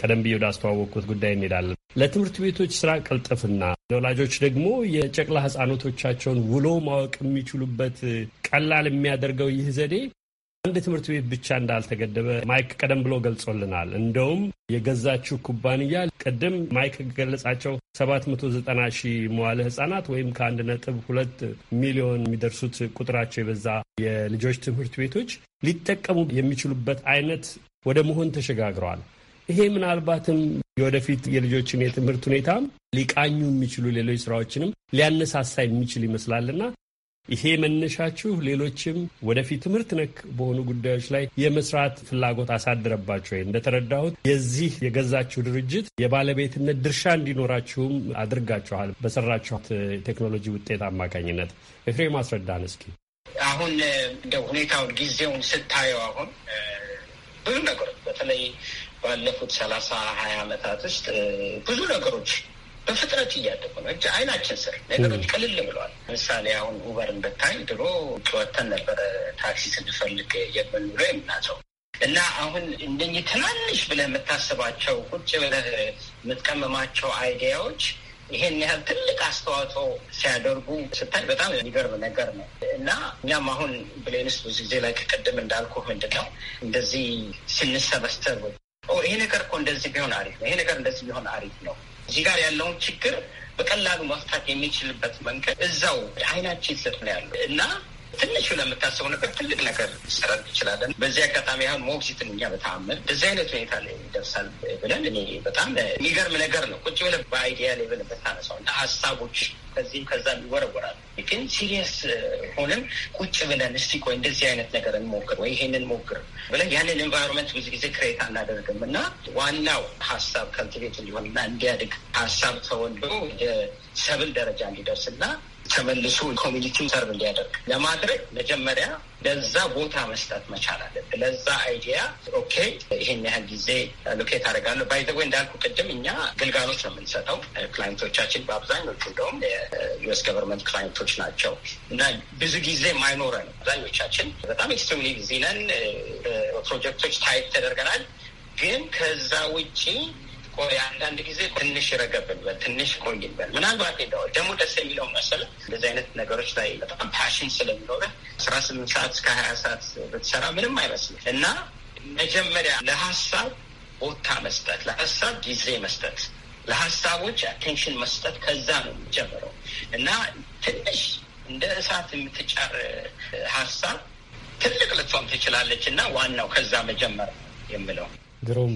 [SPEAKER 2] ቀደም ብዬ አስተዋወቅኩት ጉዳይ እንሄዳለን። ለትምህርት ቤቶች ስራ ቅልጥፍና ለወላጆች ደግሞ የጨቅላ ህጻኖቶቻቸውን ውሎ ማወቅ የሚችሉበት ቀላል የሚያደርገው ይህ ዘዴ አንድ ትምህርት ቤት ብቻ እንዳልተገደበ ማይክ ቀደም ብሎ ገልጾልናል። እንደውም የገዛችው ኩባንያ ቅድም ማይክ ገለጻቸው 790 ሺህ መዋለ ህጻናት ወይም ከአንድ ነጥብ ሁለት ሚሊዮን የሚደርሱት ቁጥራቸው የበዛ የልጆች ትምህርት ቤቶች ሊጠቀሙ የሚችሉበት አይነት ወደ መሆን ተሸጋግረዋል። ይሄ ምናልባትም የወደፊት የልጆችን የትምህርት ሁኔታ ሊቃኙ የሚችሉ ሌሎች ስራዎችንም ሊያነሳሳ የሚችል ይመስላልና ይሄ መነሻችሁ ሌሎችም ወደፊት ትምህርት ነክ በሆኑ ጉዳዮች ላይ የመስራት ፍላጎት አሳደረባችሁ ወይ? እንደተረዳሁት የዚህ የገዛችሁ ድርጅት የባለቤትነት ድርሻ እንዲኖራችሁም አድርጋችኋል በሰራችሁት ቴክኖሎጂ ውጤት አማካኝነት። ኤፍሬም አስረዳን እስኪ።
[SPEAKER 3] አሁን እንደ ሁኔታውን ጊዜውን ስታየው አሁን ብዙ ነገሮች በተለይ ባለፉት ሰላሳ ሀያ ዓመታት ውስጥ ብዙ ነገሮች በፍጥነት እያደጉ ነው። እጅ አይናችን ስር ነገሮች ቅልል ብለዋል። ለምሳሌ አሁን ኡበርን ብታይ ድሮ ወተን ነበረ ታክሲ ስንፈልግ የምንውለው የምናዘው እና አሁን እንደኝ ትናንሽ ብለህ የምታስባቸው ቁጭ ብለህ የምትቀመማቸው አይዲያዎች ይሄን ያህል ትልቅ አስተዋጽኦ ሲያደርጉ ስታይ በጣም የሚገርም ነገር ነው። እና እኛም አሁን ብሌንስ ብዙ ጊዜ ላይ ከቀደም እንዳልኩ ምንድን ነው እንደዚህ ስንሰበሰብ ይሄ ነገር እኮ እንደዚህ ቢሆን አሪፍ ነው፣ ይሄ ነገር እንደዚህ ቢሆን አሪፍ ነው። እዚህ ጋር ያለውን ችግር በቀላሉ መፍታት የሚችልበት መንገድ እዛው አይናችን ስር ነው ያለው እና ትንሹ የምታስበው ነገር ትልቅ ነገር ሰረት ይችላለን። በዚህ አጋጣሚ አሁን ሞግዚትን እኛ በተአምር በዚህ አይነት ሁኔታ ላይ ይደርሳል ብለን እኔ በጣም የሚገርም ነገር ነው። ቁጭ ብለን በአይዲያ ላይ ብለን በታነሳው እና ሀሳቦች ከዚህም ከዛም ይወረወራል። ግን ሲሪየስ ሆነን ቁጭ ብለን እስቲ ቆይ እንደዚህ አይነት ነገር እንሞክር ወይ ይሄንን ሞክር ብለን ያንን ኤንቫይሮንመንት ብዙ ጊዜ ክሬት አናደርግም እና ዋናው ሀሳብ ከልትቤት እንዲሆን እና እንዲያድግ ሀሳብ ተወልዶ ሰብል ደረጃ እንዲደርስ እና ተመልሶ ኮሚኒቲውን ሰርቭ እንዲያደርግ ለማድረግ መጀመሪያ ለዛ ቦታ መስጠት መቻል አለብ። ለዛ አይዲያ ኦኬ፣ ይሄን ያህል ጊዜ ሎኬት አደርጋለሁ። ባይዘወ እንዳልኩ ቅድም እኛ ግልጋሎት ነው የምንሰጠው። ክላይንቶቻችን በአብዛኞቹ እንደውም የዩኤስ ገቨርንመንት ክላይንቶች ናቸው እና ብዙ ጊዜ ማይኖረን አብዛኞቻችን በጣም ኤክስትሪምሊ ቢዚ ነን። ፕሮጀክቶች ታይት ተደርገናል። ግን ከዛ ውጪ ቆይ አንዳንድ ጊዜ ትንሽ ረገብ ትንሽ ቆይ ምናልባት ምናልባት ደግሞ ደስ የሚለው መሰለ እንደዚህ አይነት ነገሮች ላይ በጣም ፓሽን ስለሚኖረ አስራ ስምንት ሰዓት እስከ ሀያ ሰዓት ብትሰራ ምንም አይመስልም እና መጀመሪያ ለሀሳብ ቦታ መስጠት፣ ለሀሳብ ጊዜ መስጠት፣ ለሀሳቦች አቴንሽን መስጠት ከዛ ነው የሚጀምረው እና ትንሽ እንደ እሳት የምትጫር ሀሳብ ትልቅ ልትሆን ትችላለች እና ዋናው ከዛ መጀመር የምለው
[SPEAKER 2] ግሩም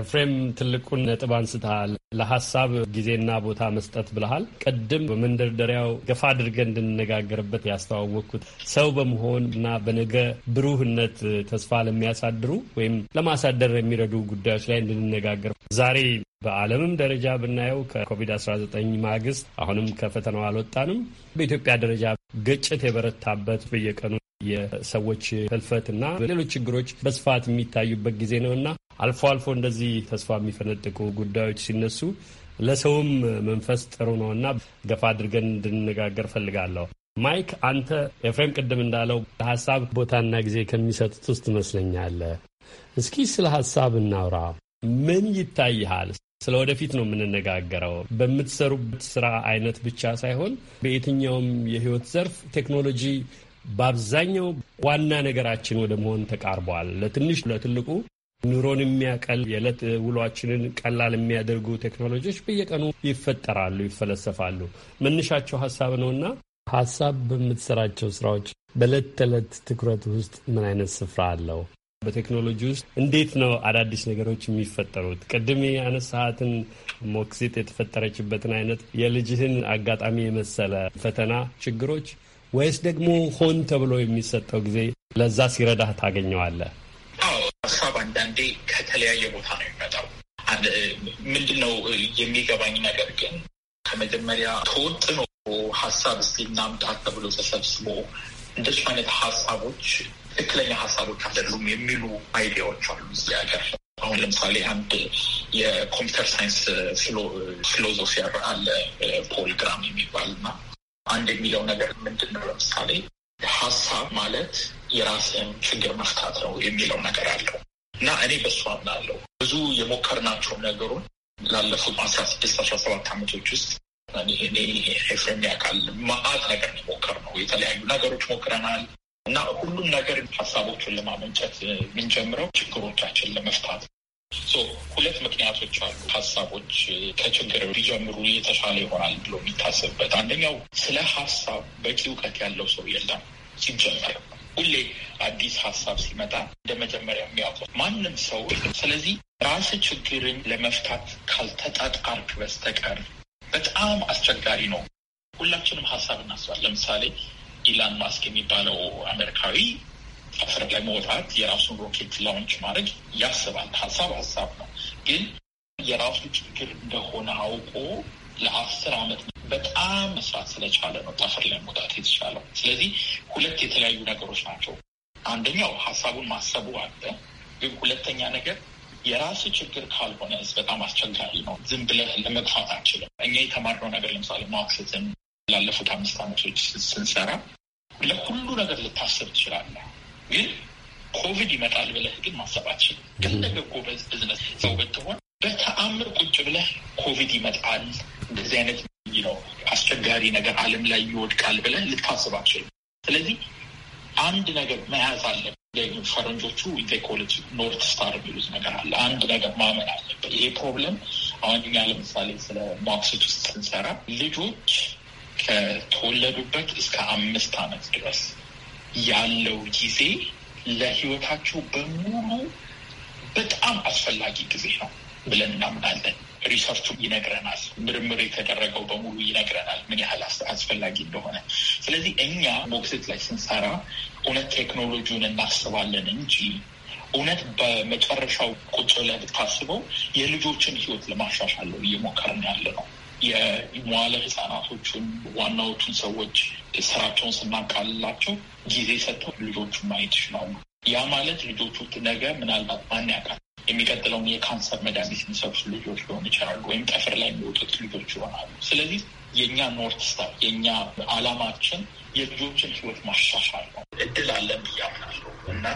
[SPEAKER 2] ኤፍሬም ትልቁን ነጥብ አንስተሃል። ለሀሳብ ጊዜና ቦታ መስጠት ብልሃል። ቅድም በመንደርደሪያው ገፋ አድርገን እንድንነጋገርበት ያስተዋወቅኩት ሰው በመሆን እና በነገ ብሩህነት ተስፋ ለሚያሳድሩ ወይም ለማሳደር የሚረዱ ጉዳዮች ላይ እንድንነጋገር ዛሬ በዓለምም ደረጃ ብናየው ከኮቪድ-19 ማግስት አሁንም ከፈተናው አልወጣንም። በኢትዮጵያ ደረጃ ግጭት የበረታበት በየቀኑ የሰዎች እና ሌሎች ችግሮች በስፋት የሚታዩበት ጊዜ ነው እና አልፎ አልፎ እንደዚህ ተስፋ የሚፈነጥቁ ጉዳዮች ሲነሱ ለሰውም መንፈስ ጥሩ ነው እና ገፋ አድርገን እንድንነጋገር ፈልጋለሁ። ማይክ አንተ ኤፍሬም ቅድም እንዳለው ለሀሳብ ቦታና ጊዜ ከሚሰጡት ውስጥ ትመስለኛለህ። እስኪ ስለ ሀሳብ እናውራ። ምን ይታይሃል? ስለ ወደፊት ነው የምንነጋገረው። በምትሰሩበት ስራ አይነት ብቻ ሳይሆን በየትኛውም የህይወት ዘርፍ ቴክኖሎጂ በአብዛኛው ዋና ነገራችን ወደ መሆን ተቃርቧል። ለትንሽ ለትልቁ ኑሮን የሚያቀል የዕለት ውሏችንን ቀላል የሚያደርጉ ቴክኖሎጂዎች በየቀኑ ይፈጠራሉ፣ ይፈለሰፋሉ። መነሻቸው ሀሳብ ነውና ሀሳብ በምትሰራቸው ስራዎች በዕለት ተዕለት ትኩረት ውስጥ ምን አይነት ስፍራ አለው? በቴክኖሎጂ ውስጥ እንዴት ነው አዳዲስ ነገሮች የሚፈጠሩት? ቅድም ያነሳሃትን ሞክሲት የተፈጠረችበትን አይነት የልጅህን አጋጣሚ የመሰለ ፈተና ችግሮች ወይስ ደግሞ ሆን ተብሎ የሚሰጠው ጊዜ ለዛ ሲረዳህ ታገኘዋለህ?
[SPEAKER 4] አንዳንዴ ከተለያየ ቦታ ነው የሚመጣው። ምንድን ነው የሚገባኝ ነገር ግን ከመጀመሪያ ተወጥኖ ሀሳብ እስኪ እናምጣ ተብሎ ተሰብስቦ እንደሱ አይነት ሀሳቦች ትክክለኛ ሀሳቦች አይደሉም የሚሉ አይዲያዎች አሉ እዚህ ሀገር። አሁን ለምሳሌ አንድ የኮምፒውተር ሳይንስ ፊሎዞፊር አለ ፖል ግራም የሚባል እና አንድ የሚለው ነገር ምንድን ነው ለምሳሌ ሀሳብ ማለት የራስን ችግር መፍታት ነው የሚለው ነገር አለው። እና እኔ በሱ አምናለሁ። ብዙ የሞከርናቸው ነገሩን ላለፉት አስራ ስድስት አስራ ሰባት ዓመቶች ውስጥ እኔ ኤፍሬም ያውቃል ማአት ነገር ሞከር ነው የተለያዩ ነገሮች ሞክረናል እና ሁሉም ነገር ሀሳቦቹን ለማመንጨት የምንጀምረው ችግሮቻችን ለመፍታት ሁለት ምክንያቶች አሉ። ሀሳቦች ከችግር ቢጀምሩ የተሻለ ይሆናል ብሎ የሚታሰብበት አንደኛው ስለ ሀሳብ በቂ እውቀት ያለው ሰው የለም ሲጀመር ሁሌ አዲስ ሀሳብ ሲመጣ እንደ መጀመሪያ የሚያውቀው ማንም ሰው። ስለዚህ ራስ ችግርን ለመፍታት ካልተጣጣርክ በስተቀር በጣም አስቸጋሪ ነው። ሁላችንም ሀሳብ እናስባል። ለምሳሌ ኢላን ማስክ የሚባለው አሜሪካዊ አፈር ላይ መውጣት የራሱን ሮኬት ላውንች ማድረግ ያስባል። ሀሳብ ሀሳብ ነው፣ ግን የራሱ ችግር እንደሆነ አውቆ ለአስር ዓመት በጣም መስራት ስለቻለ ነው ጠፍር ላይ መውጣት የተቻለው። ስለዚህ ሁለት የተለያዩ ነገሮች ናቸው። አንደኛው ሀሳቡን ማሰቡ አለ፣ ግን ሁለተኛ ነገር የራስ ችግር ካልሆነ በጣም አስቸጋሪ ነው። ዝም ብለህ ለመግፋት አንችልም። እኛ የተማርነው ነገር ለምሳሌ ማክስትን ላለፉት አምስት ዓመቶች ስንሰራ ለሁሉ ነገር ልታስብ ትችላለህ፣ ግን ኮቪድ ይመጣል ብለህ ግን ማሰብ አትችልም። ግን ነገ ጎበዝ ብዝነስ ሰው ብትሆን በተአምር ቁጭ ብለህ ኮቪድ ይመጣል እንደዚህ አይነት ነው አስቸጋሪ ነገር አለም ላይ ይወድቃል ብለህ ልታስባቸው። ስለዚህ አንድ ነገር መያዝ አለ ፈረንጆቹ ኢኮሎጂ ኖርት ስታር የሚሉት ነገር አለ። አንድ ነገር ማመን አለበት ይሄ ፕሮብለም አሁን እኛ ለምሳሌ ስለ ማክስት ውስጥ ስንሰራ ልጆች ከተወለዱበት እስከ አምስት ዓመት ድረስ ያለው ጊዜ ለህይወታቸው በሙሉ በጣም አስፈላጊ ጊዜ ነው። ብለን እናምናለን። ሪሰርቹ ይነግረናል። ምርምር የተደረገው በሙሉ ይነግረናል ምን ያህል አስፈላጊ እንደሆነ። ስለዚህ እኛ ሞግዚት ላይ ስንሰራ እውነት ቴክኖሎጂውን እናስባለን እንጂ እውነት በመጨረሻው ቁጭ ብለህ ብታስበው የልጆችን ህይወት ለማሻሻል እየሞከርን ያለ ነው። የመዋለ ህጻናቶቹን ዋናዎቹን ሰዎች ስራቸውን ስናቃልላቸው ጊዜ ሰጥተው ልጆቹን ማየት ይችላሉ። ያ ማለት ልጆቹ ነገ ምናልባት ማን ያውቃል የሚቀጥለው የካንሰር መድኃኒት የሚሰጡት ልጆች ሊሆኑ ይችላሉ፣ ወይም ጠፍር ላይ የሚወጡት ልጆች ይሆናሉ። ስለዚህ የእኛ ኖርት ስታር የእኛ አላማችን የልጆችን ህይወት ማሻሻል ነው። እድል አለን ብዬ አምናለሁ እና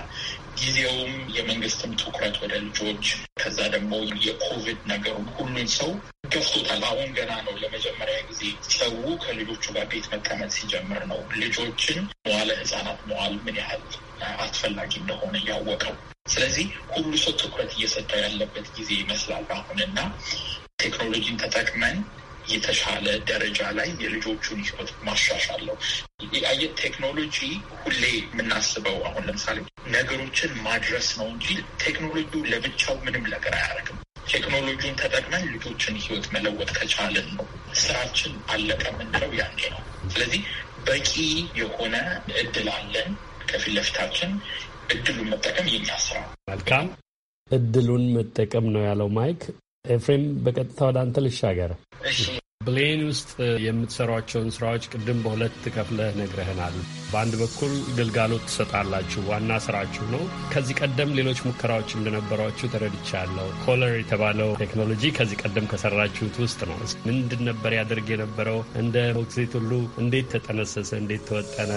[SPEAKER 4] ጊዜውም የመንግስትም ትኩረት ወደ
[SPEAKER 7] ልጆች ከዛ ደግሞ የኮቪድ ነገሩ ሁሉን ሰው ገፍቶታል። አሁን ገና ነው ለመጀመሪያ ጊዜ ሰው ከልጆቹ ጋር ቤት
[SPEAKER 4] መቀመጥ ሲጀምር ነው ልጆችን መዋለ ህጻናት መዋል ምን ያህል አስፈላጊ እንደሆነ ያወቀው። ስለዚህ ሁሉ ሰው ትኩረት እየሰጠው ያለበት ጊዜ ይመስላል አሁን እና ቴክኖሎጂን ተጠቅመን የተሻለ ደረጃ ላይ የልጆቹን ህይወት ማሻሻል ነው። ቴክኖሎጂ ሁሌ የምናስበው አሁን ለምሳሌ ነገሮችን ማድረስ ነው እንጂ ቴክኖሎጂው ለብቻው ምንም ነገር አያደርግም። ቴክኖሎጂውን ተጠቅመን ልጆችን ህይወት መለወጥ ከቻልን ነው ስራችን አለቀ የምንለው ያኔ ነው። ስለዚህ በቂ የሆነ እድል አለን
[SPEAKER 2] ከፊት ለፊታችን። እድሉን መጠቀም የኛ ስራ። መልካም እድሉን መጠቀም ነው ያለው ማይክ ኤፍሬም። በቀጥታ ወደ አንተ ልሻገር። እሺ ብሌን ውስጥ የምትሰሯቸውን ስራዎች ቅድም በሁለት ከፍለህ ነግረህናል። በአንድ በኩል ግልጋሎት ትሰጣላችሁ፣ ዋና ስራችሁ ነው። ከዚህ ቀደም ሌሎች ሙከራዎች እንደነበሯችሁ ተረድቻለሁ። ኮለር የተባለው ቴክኖሎጂ ከዚህ ቀደም ከሰራችሁት ውስጥ ነው። ምንድን ነበር ያደርግ የነበረው? እንደ ሞክሴት ሁሉ እንዴት ተጠነሰሰ? እንዴት ተወጠነ?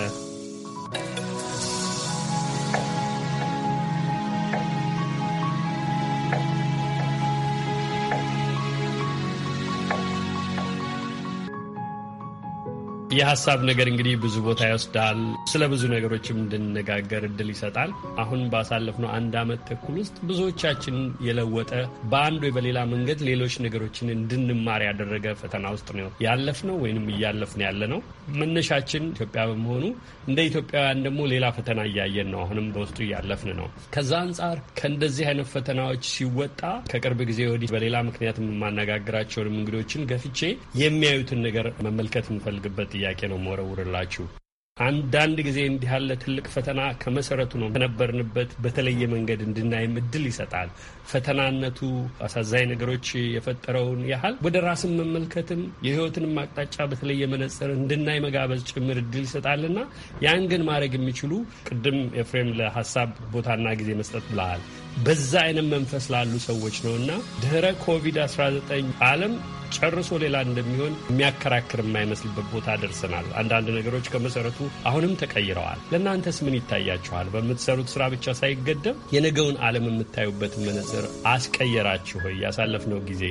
[SPEAKER 2] የሀሳብ ነገር እንግዲህ ብዙ ቦታ ይወስዳል። ስለ ብዙ ነገሮችም እንድንነጋገር እድል ይሰጣል። አሁን ባሳለፍነው አንድ ዓመት ተኩል ውስጥ ብዙዎቻችን የለወጠ በአንድ ወይ በሌላ መንገድ ሌሎች ነገሮችን እንድንማር ያደረገ ፈተና ውስጥ ነው ያለፍነው ወይንም እያለፍን ያለ ነው። መነሻችን ኢትዮጵያ በመሆኑ እንደ ኢትዮጵያውያን ደግሞ ሌላ ፈተና እያየን ነው። አሁንም በውስጡ እያለፍን ነው። ከዛ አንጻር ከእንደዚህ አይነት ፈተናዎች ሲወጣ ከቅርብ ጊዜ ወዲህ በሌላ ምክንያት የማነጋግራቸውንም እንግዶችን ገፍቼ የሚያዩትን ነገር መመልከት እንፈልግበት ጥያቄ ነው መወረውርላችሁ። አንዳንድ ጊዜ እንዲህ ያለ ትልቅ ፈተና ከመሰረቱ ነው ከነበርንበት በተለየ መንገድ እንድናይም እድል ይሰጣል። ፈተናነቱ አሳዛኝ ነገሮች የፈጠረውን ያህል ወደ ራስን መመልከትም የህይወትን አቅጣጫ በተለየ መነጽር እንድናይ መጋበዝ ጭምር እድል ይሰጣልና ያን ግን ማድረግ የሚችሉ ቅድም ኤፍሬም ለሀሳብ ቦታና ጊዜ መስጠት ብለሃል። በዛ አይነት መንፈስ ላሉ ሰዎች ነው እና ድህረ ኮቪድ-19 ዓለም ጨርሶ ሌላ እንደሚሆን የሚያከራክር የማይመስልበት ቦታ ደርሰናል። አንዳንድ ነገሮች ከመሰረቱ አሁንም ተቀይረዋል። ለእናንተስ ምን ይታያችኋል? በምትሰሩት ስራ ብቻ ሳይገደብ የነገውን ዓለም የምታዩበት መነጽር አስቀየራችሁ ሆይ ያሳለፍነው ጊዜ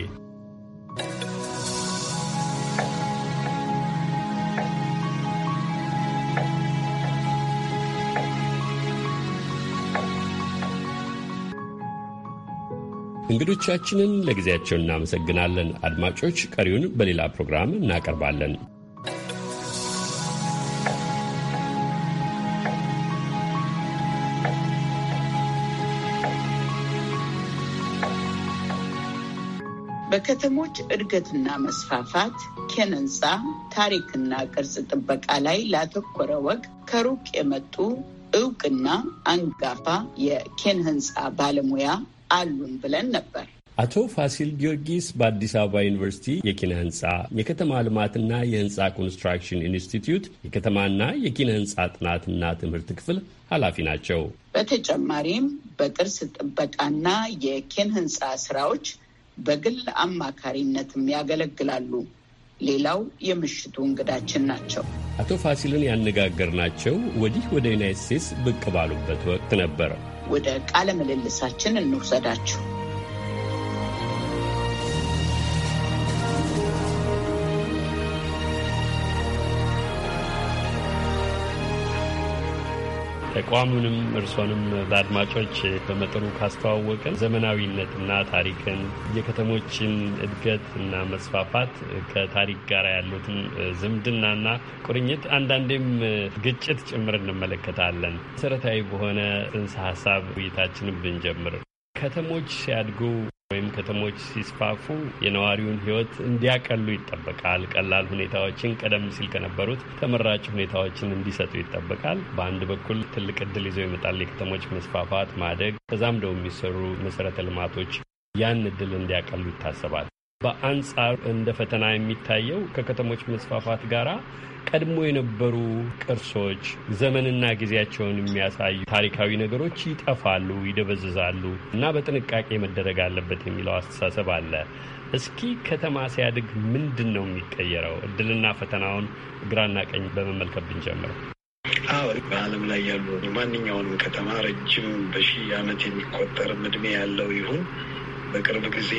[SPEAKER 2] እንግዶቻችንን ለጊዜያቸው እናመሰግናለን። አድማጮች ቀሪውን በሌላ ፕሮግራም እናቀርባለን።
[SPEAKER 1] በከተሞች እድገትና መስፋፋት ኬን ህንፃ፣ ታሪክና ቅርጽ ጥበቃ ላይ ላተኮረ ወግ ከሩቅ የመጡ እውቅና አንጋፋ የኬን ህንፃ ባለሙያ አሉን ብለን ነበር።
[SPEAKER 2] አቶ ፋሲል ጊዮርጊስ በአዲስ አበባ ዩኒቨርሲቲ የኪነ ህንፃ የከተማ ልማትና የህንፃ ኮንስትራክሽን ኢንስቲትዩት የከተማና የኪነ ህንፃ ጥናትና ትምህርት ክፍል ኃላፊ ናቸው።
[SPEAKER 1] በተጨማሪም በቅርስ ጥበቃና የኪነ ህንፃ ስራዎች በግል አማካሪነትም ያገለግላሉ። ሌላው የምሽቱ እንግዳችን
[SPEAKER 2] ናቸው። አቶ ፋሲልን ያነጋገርናቸው ወዲህ ወደ ዩናይት ስቴትስ ብቅ ባሉበት ወቅት ነበር።
[SPEAKER 1] ወደ ቃለ ምልልሳችን እንውሰዳችሁ።
[SPEAKER 2] ተቋሙንም እርሶንም ለአድማጮች በመጠኑ ካስተዋወቅን ዘመናዊነትና ታሪክን የከተሞችን እድገት እና መስፋፋት ከታሪክ ጋር ያሉትን ዝምድናና ቁርኝት አንዳንዴም ግጭት ጭምር እንመለከታለን። መሰረታዊ በሆነ ጽንሰ ሀሳብ ውይይታችንን ብንጀምር ከተሞች ሲያድጉ ወይም ከተሞች ሲስፋፉ የነዋሪውን ሕይወት እንዲያቀሉ ይጠበቃል። ቀላል ሁኔታዎችን ቀደም ሲል ከነበሩት ተመራጭ ሁኔታዎችን እንዲሰጡ ይጠበቃል። በአንድ በኩል ትልቅ እድል ይዘው ይመጣል የከተሞች መስፋፋት፣ ማደግ፣ ተዛምደው የሚሰሩ መሰረተ ልማቶች ያን እድል እንዲያቀሉ ይታሰባል። በአንጻር እንደ ፈተና የሚታየው ከከተሞች መስፋፋት ጋር ቀድሞ የነበሩ ቅርሶች፣ ዘመንና ጊዜያቸውን የሚያሳዩ ታሪካዊ ነገሮች ይጠፋሉ፣ ይደበዝዛሉ እና በጥንቃቄ መደረግ አለበት የሚለው አስተሳሰብ አለ። እስኪ ከተማ ሲያድግ ምንድን ነው የሚቀየረው? እድልና ፈተናውን ግራና ቀኝ በመመልከት ብንጀምረው?
[SPEAKER 5] አዎ በዓለም ላይ ያሉ ማንኛውንም ከተማ ረጅም በሺህ ዓመት የሚቆጠርም እድሜ ያለው ይሁን በቅርብ ጊዜ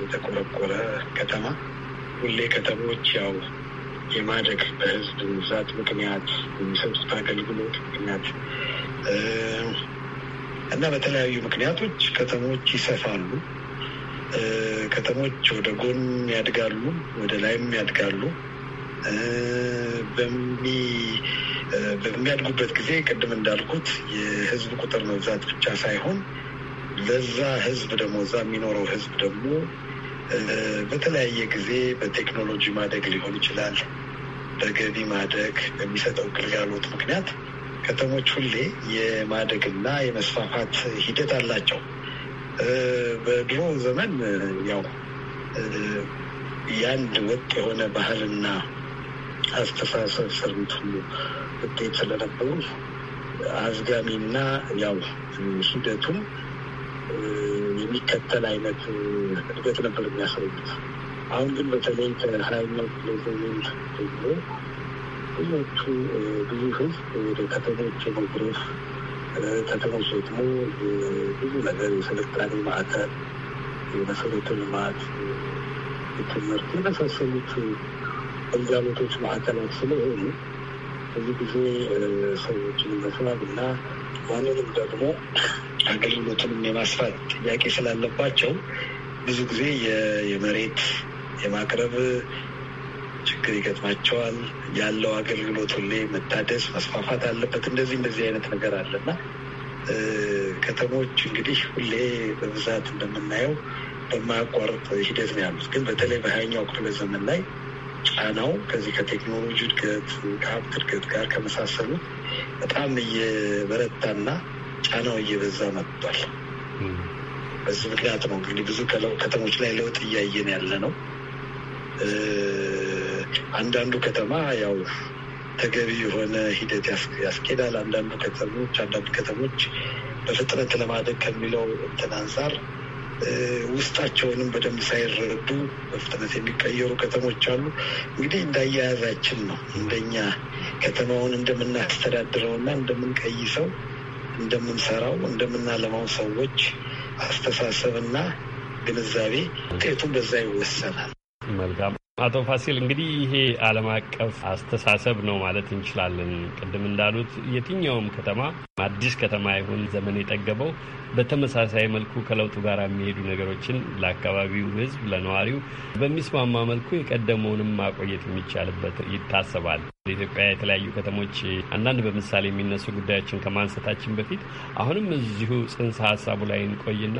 [SPEAKER 5] የተቆረቆረ ከተማ ሁሌ ከተሞች ያው የማደግ በህዝብ ብዛት ምክንያት የሚሰጡት አገልግሎት ምክንያት እና በተለያዩ ምክንያቶች ከተሞች ይሰፋሉ። ከተሞች ወደ ጎን ያድጋሉ፣ ወደ ላይም ያድጋሉ። በሚያድጉበት ጊዜ ቅድም እንዳልኩት የህዝብ ቁጥር መብዛት ብቻ ሳይሆን ለዛ ህዝብ ደግሞ እዛ የሚኖረው ህዝብ ደግሞ በተለያየ ጊዜ በቴክኖሎጂ ማደግ ሊሆን ይችላል፣ በገቢ ማደግ በሚሰጠው ግልጋሎት ምክንያት ከተሞች ሁሌ የማደግና የመስፋፋት ሂደት አላቸው። በድሮ ዘመን ያው የአንድ ወጥ የሆነ ባህልና አስተሳሰብ ሁሉ ውጤት ስለነበሩ አዝጋሚና ያው ሂደቱም የሚከተል አይነት እድገት ነበር የሚያሳዩት። አሁን ግን በተለይ ከሀያኛው ክፍለ ዘመን ጀምሮ ብዙዎቹ ብዙ ህዝብ ወደ ከተሞች የመጉረፍ ከተሞች ደግሞ ብዙ ነገር የስልጣኔ ማዕከል፣ የመሰረተ ልማት፣ የትምህርት የመሳሰሉት ግልጋሎቶች ማዕከላት ስለሆኑ ብዙ ጊዜ ሰዎችን መስራብ እና ማንንም ደግሞ አገልግሎቱንም የማስፋት ጥያቄ ስላለባቸው ብዙ ጊዜ የመሬት የማቅረብ ችግር ይገጥማቸዋል። ያለው አገልግሎት ሁሌ መታደስ መስፋፋት አለበት። እንደዚህ እንደዚህ አይነት ነገር አለና ከተሞች እንግዲህ ሁሌ በብዛት እንደምናየው በማያቋርጥ ሂደት ነው ያሉት። ግን በተለይ በሀያኛው ክፍለ ዘመን ላይ ጫናው ከዚህ ከቴክኖሎጂ እድገት ከሀብት እድገት ጋር ከመሳሰሉት በጣም እየበረታና ጫናው እየበዛ መጥቷል። በዚህ ምክንያት ነው እንግዲህ ብዙ ከተሞች ላይ ለውጥ እያየን ያለ ነው። አንዳንዱ ከተማ ያው ተገቢ የሆነ ሂደት ያስኬዳል። አንዳንዱ ከተሞች አንዳንድ ከተሞች በፍጥነት ለማደግ ከሚለው እንትን አንጻር ውስጣቸውንም በደንብ ሳይረዱ በፍጥነት የሚቀየሩ ከተሞች አሉ። እንግዲህ እንዳያያዛችን ነው እንደኛ ከተማውን እንደምናስተዳድረውና እንደምንቀይሰው እንደምንሰራው እንደምናለማው ሰዎች አስተሳሰብና ግንዛቤ ውጤቱ በዛ ይወሰናል።
[SPEAKER 2] መልካም አቶ ፋሲል እንግዲህ ይሄ ዓለም አቀፍ አስተሳሰብ ነው ማለት እንችላለን። ቅድም እንዳሉት የትኛውም ከተማ አዲስ ከተማ ይሁን ዘመን የጠገበው በተመሳሳይ መልኩ ከለውጡ ጋር የሚሄዱ ነገሮችን ለአካባቢው ሕዝብ ለነዋሪው በሚስማማ መልኩ የቀደመውንም ማቆየት የሚቻልበት ይታሰባል። በኢትዮጵያ የተለያዩ ከተሞች አንዳንድ በምሳሌ የሚነሱ ጉዳዮችን ከማንሳታችን በፊት አሁንም እዚሁ ጽንሰ ሀሳቡ ላይ እንቆይና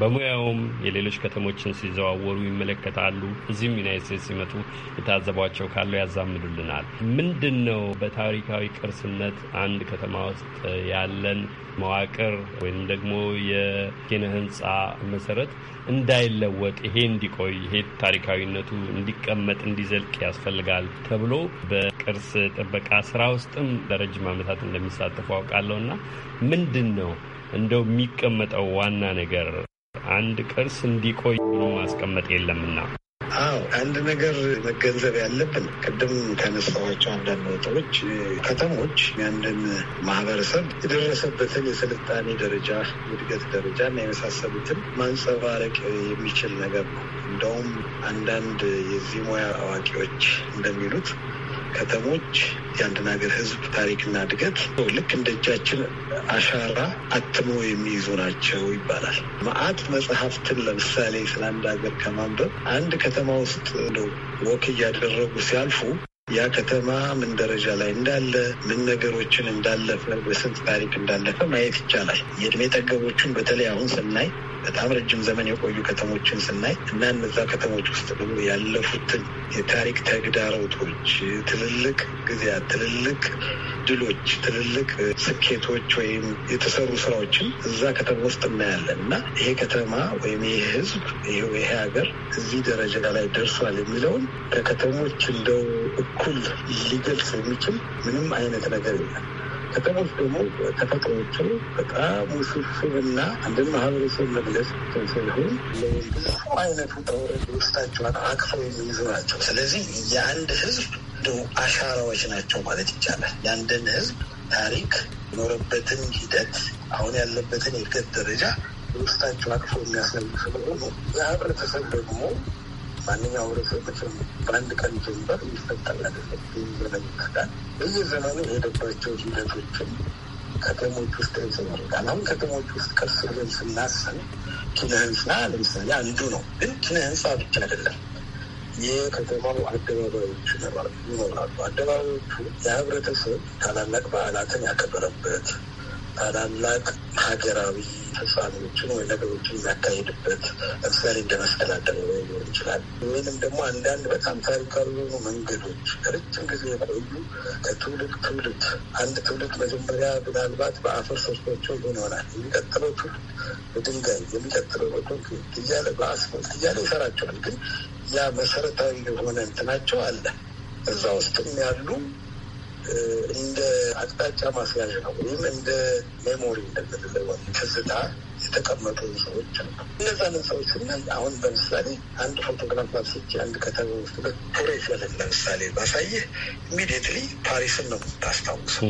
[SPEAKER 2] በሙያውም የሌሎች ከተሞችን ሲዘዋወሩ ይመለከታሉ። እዚህም ዩናይት ስቴትስ ሲመጡ የታዘቧቸው ካለው ያዛምዱልናል። ምንድን ነው በታሪካዊ ቅርስነት አንድ ከተማ ውስጥ ያለን መዋቅር ወይም ደግሞ የኪነ ህንፃ መሰረት እንዳይለወጥ ይሄ እንዲቆይ ይሄ ታሪካዊነቱ እንዲቀመጥ እንዲዘልቅ ያስፈልጋል ተብሎ በቅርስ ጥበቃ ስራ ውስጥም ለረጅም ዓመታት እንደሚሳተፉ አውቃለሁና ምንድን ነው እንደው የሚቀመጠው ዋና ነገር አንድ ቅርስ እንዲቆይ ማስቀመጥ የለምና።
[SPEAKER 5] አዎ አንድ ነገር መገንዘብ ያለብን ቅድም ተነሳኋቸው አንዳንድ ነጥቦች ከተሞች የአንድን ማህበረሰብ የደረሰበትን የስልጣኔ ደረጃ የእድገት ደረጃ እና የመሳሰሉትን ማንጸባረቅ የሚችል ነገር ነው። እንደውም አንዳንድ የዚህ ሙያ አዋቂዎች እንደሚሉት ከተሞች የአንድን ሀገር ህዝብ ታሪክና እድገት ልክ እንደ እጃችን አሻራ አትሞ የሚይዙ ናቸው ይባላል። መዓት መጽሐፍትን ለምሳሌ ስለ አንድ ሀገር ከማንበብ አንድ ከተማ ውስጥ ወክ እያደረጉ ሲያልፉ ያ ከተማ ምን ደረጃ ላይ እንዳለ ምን ነገሮችን እንዳለፈ በስንት ታሪክ እንዳለፈ ማየት ይቻላል። የእድሜ ጠገቦቹን በተለይ አሁን ስናይ በጣም ረጅም ዘመን የቆዩ ከተሞችን ስናይ እና እነዛ ከተሞች ውስጥ ደግሞ ያለፉትን የታሪክ ተግዳሮቶች፣ ትልልቅ ጊዜያት፣ ትልልቅ ድሎች፣ ትልልቅ ስኬቶች ወይም የተሰሩ ስራዎችን እዛ ከተማ ውስጥ እናያለን እና ይሄ ከተማ ወይም ይሄ ህዝብ ይሄ ሀገር እዚህ ደረጃ ላይ ደርሷል የሚለውን ከከተሞች እንደው እኩል ሊገልጽ የሚችል ምንም አይነት ነገር የለም። ተቀኖች ደግሞ ተፈጥሮዎቹ በጣም ውስብስብና አንድን ማህበረሰብ መግለጽ ሲሆን ብዙ አይነት ውጣውረድ ውስጣቸውን አቅፈው የሚይዙ ናቸው። ስለዚህ የአንድ ህዝብ አሻራዎች ናቸው ማለት ይቻላል። የአንድን ህዝብ ታሪክ የኖረበትን ሂደት አሁን ያለበትን የእድገት ደረጃ ውስጣቸው አቅፈው የሚያስነብሱ ስለሆኑ የህብረተሰብ ደግሞ ማንኛው ህብረተሰብ በአንድ ቀን ጀንበር የሚፈጠር አይደለም። ይዘመኝታል ዘመኑ የሄደባቸው ሂደቶችን ከተሞች ውስጥ ይዘመርቃል። አሁን ከተሞች ውስጥ ቅርስ ብለን ስናስብ ኪነ ህንፃ ለምሳሌ አንዱ ነው። ግን ኪነ ህንፃ ብቻ አይደለም። የከተማው አደባባዮች ይኖራሉ። አደባባዮቹ የህብረተሰብ ታላላቅ በዓላትን ያከበረበት ታላላቅ ሀገራዊ ተሳቢዎችን ወይ ነገሮችን የሚያካሄድበት ለምሳሌ እንደ መስቀል ሊሆን ይችላል። ወይንም ደግሞ አንዳንድ በጣም ታሪካዊ የሆኑ መንገዶች ረጅም ጊዜ የቆዩ ከትውልድ ትውልድ አንድ ትውልድ መጀመሪያ ምናልባት በአፈር ሶስቶቸው ይሆናል። የሚቀጥለው ትውልድ በድንጋይ የሚቀጥለው በኮንክሪት እያለ በአስፋልት እያለ ይሰራቸዋል። ግን ያ መሰረታዊ የሆነ እንትናቸው አለ እዛ ውስጥም ያሉ እንደ አቅጣጫ ማስያዣ ወይም እንደ ሜሞሪ ትዝታ የተቀመጡ ሰዎች አሉ። እነዛን ሰዎች ስናይ አሁን በምሳሌ አንድ ፎቶግራፍ አንስቼ አንድ ከተማ ውስጥ ሁለት ለምሳሌ ባሳየህ ኢሚዲየትሊ ፓሪስን ነው የምታስታውሰው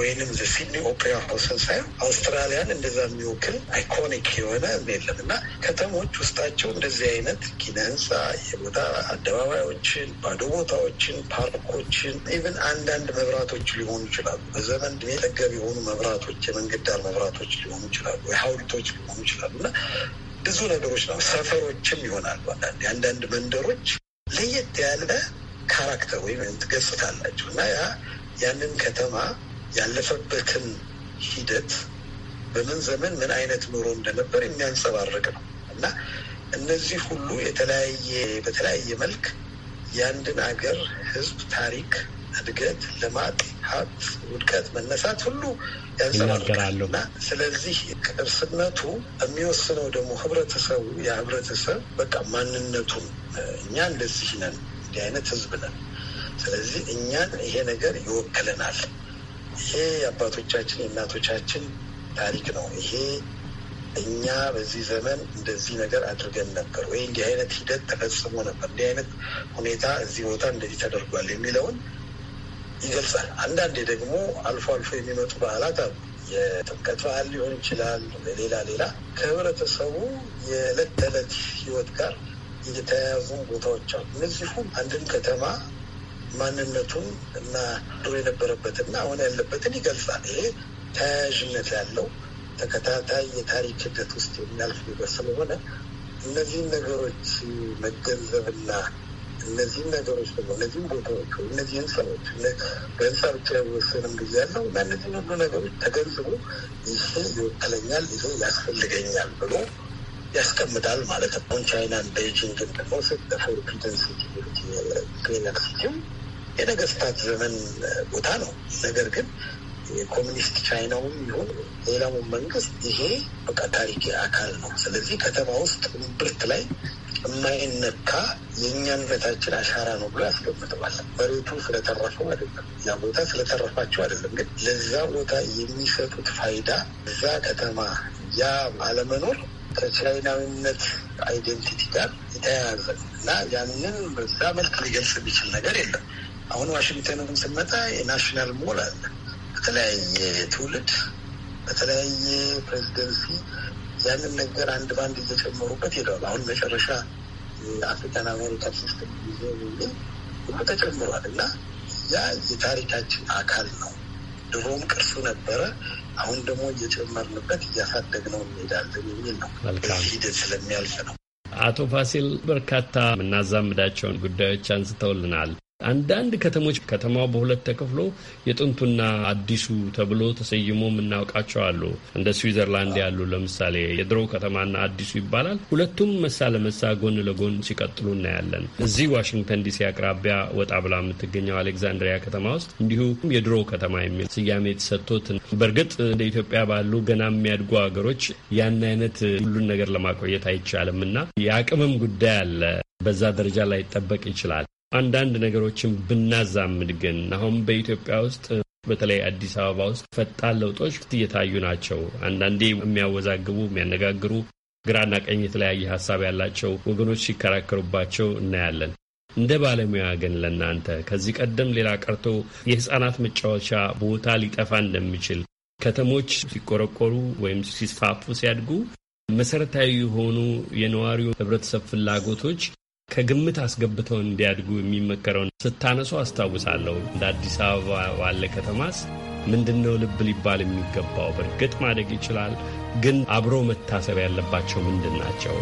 [SPEAKER 5] ወይንም ሲድኒ ኦፕራ ሀውስን ሳይሆን አውስትራሊያን እንደዛ የሚወክል አይኮኒክ የሆነ የለም እና ከተሞች ውስጣቸው እንደዚህ አይነት ኪነ ህንፃ የቦታ አደባባዮችን፣ ባዶ ቦታዎችን፣ ፓርኮችን ኢቨን አንዳንድ መብራቶች ሊሆኑ ይችላሉ። በዘመን ዕድሜ ጠገብ የሆኑ መብራቶች፣ የመንገድ ዳር መብራቶች ሊሆኑ ይችላሉ። ሐውልቶች ሰዎች ሊሆኑ ይችላሉ እና ብዙ ነገሮች ነው። ሰፈሮችም ይሆናሉ። አንዳንድ አንዳንድ መንደሮች ለየት ያለ ካራክተር ወይም ገጽታ አላቸው እና ያ ያንን ከተማ ያለፈበትን ሂደት በምን ዘመን ምን አይነት ኑሮ እንደነበር የሚያንጸባርቅ ነው እና እነዚህ ሁሉ የተለያየ በተለያየ መልክ የአንድን አገር ሕዝብ ታሪክ እድገት፣ ልማት፣ ሀብት፣ ውድቀት፣ መነሳት ሁሉ
[SPEAKER 2] ያንጸባርቃል እና
[SPEAKER 5] ስለዚህ ቅርስነቱ የሚወስነው ደግሞ ህብረተሰቡ የህብረተሰብ በቃ ማንነቱን እኛ እንደዚህ ነን፣ እንዲህ አይነት ህዝብ ነን። ስለዚህ እኛን ይሄ ነገር ይወክለናል። ይሄ የአባቶቻችን የእናቶቻችን ታሪክ ነው። ይሄ እኛ በዚህ ዘመን እንደዚህ ነገር አድርገን ነበር ወይ እንዲህ አይነት ሂደት ተፈጽሞ ነበር፣ እንዲህ አይነት ሁኔታ እዚህ ቦታ እንደዚህ ተደርጓል የሚለውን ይገልጻል። አንዳንዴ ደግሞ አልፎ አልፎ የሚመጡ በዓላት አሉ። የጥምቀት በዓል ሊሆን ይችላል። ሌላ ሌላ ከህብረተሰቡ የዕለት ተዕለት ህይወት ጋር የተያያዙ ቦታዎች አሉ። እነዚሁም አንድን ከተማ ማንነቱን እና ድሮ የነበረበትና አሁን ያለበትን ይገልጻል። ይሄ ተያያዥነት ያለው ተከታታይ የታሪክ ሂደት ውስጥ የሚያልፍ ነገር ስለሆነ እነዚህን ነገሮች መገንዘብና እነዚህም ነገሮች ደግሞ እነዚህም ቦታዎች እነዚህ ህንፃዎች በህንፃ ብቻ የወሰንም ጊዜ ያለው እና እነዚህ ሁሉ ነገሮች ተገንዝቦ ይህ ይወክለኛል፣ ይሄ ያስፈልገኛል ብሎ ያስቀምጣል ማለት ነው። አሁን ቻይናን ቤጂንግን ደግሞ ስትፎር ፒደንስ ክሊነክስም የነገስታት ዘመን ቦታ ነው። ነገር ግን የኮሚኒስት ቻይናውም ይሁን ሌላውን መንግስት ይሄ በቃ ታሪክ አካል ነው። ስለዚህ ከተማ ውስጥ ብርት ላይ የማይነካ የእኛን በታችን አሻራ ነው ብሎ ያስገምጠዋል። መሬቱ ስለተረፈው አይደለም፣ ያ ቦታ ስለተረፋቸው አይደለም። ግን ለዛ ቦታ የሚሰጡት ፋይዳ እዛ ከተማ ያ አለመኖር ከቻይናዊነት አይዴንቲቲ ጋር የተያያዘ እና ያንን በዛ መልክ ሊገልጽ የሚችል ነገር የለም። አሁን ዋሽንግተንም ስመጣ የናሽናል ሞል አለ። በተለያየ ትውልድ በተለያየ ፕሬዚደንሲ ያንን ነገር አንድ በአንድ እየጨመሩበት ሄደዋል። አሁን መጨረሻ አፍሪካን አሜሪካ ሲስተም ጊዜ ሁሉ ተጨምሯል እና ያ የታሪካችን አካል ነው። ድሮም ቅርሱ ነበረ። አሁን ደግሞ እየጨመርንበት እያሳደግነው እንሄዳለን የሚል ነው። ሂደት ስለሚያልፍ ነው።
[SPEAKER 2] አቶ ፋሲል በርካታ የምናዛምዳቸውን ጉዳዮች አንስተውልናል። አንዳንድ ከተሞች ከተማው በሁለት ተከፍሎ የጥንቱና አዲሱ ተብሎ ተሰይሞ የምናውቃቸው አሉ። እንደ ስዊዘርላንድ ያሉ ለምሳሌ የድሮ ከተማና አዲሱ ይባላል። ሁለቱም መሳ ለመሳ ጎን ለጎን ሲቀጥሉ እናያለን። እዚህ ዋሽንግተን ዲሲ አቅራቢያ ወጣ ብላ የምትገኘው አሌክዛንድሪያ ከተማ ውስጥ እንዲሁ የድሮ ከተማ የሚል ስያሜ የተሰጥቶት በእርግጥ እንደ ኢትዮጵያ ባሉ ገና የሚያድጉ ሀገሮች ያን አይነት ሁሉን ነገር ለማቆየት አይቻልም እና የአቅምም ጉዳይ አለ። በዛ ደረጃ ላይ ይጠበቅ ይችላል። አንዳንድ ነገሮችን ብናዛምድ ግን አሁን በኢትዮጵያ ውስጥ በተለይ አዲስ አበባ ውስጥ ፈጣን ለውጦች እየታዩ ናቸው። አንዳንዴ የሚያወዛግቡ የሚያነጋግሩ ግራና ቀኝ የተለያየ ሀሳብ ያላቸው ወገኖች ሲከራከሩባቸው እናያለን። እንደ ባለሙያ ግን ለእናንተ ከዚህ ቀደም ሌላ ቀርቶ የህፃናት መጫወቻ ቦታ ሊጠፋ እንደሚችል ከተሞች ሲቆረቆሩ ወይም ሲስፋፉ ሲያድጉ መሰረታዊ የሆኑ የነዋሪው ህብረተሰብ ፍላጎቶች ከግምት አስገብተው እንዲያድጉ የሚመከረውን ስታነሱ አስታውሳለሁ። እንደ አዲስ አበባ ባለ ከተማስ ምንድን ነው ልብ ሊባል የሚገባው? በእርግጥ ማደግ ይችላል፣ ግን አብሮ መታሰብ ያለባቸው ምንድን ናቸው?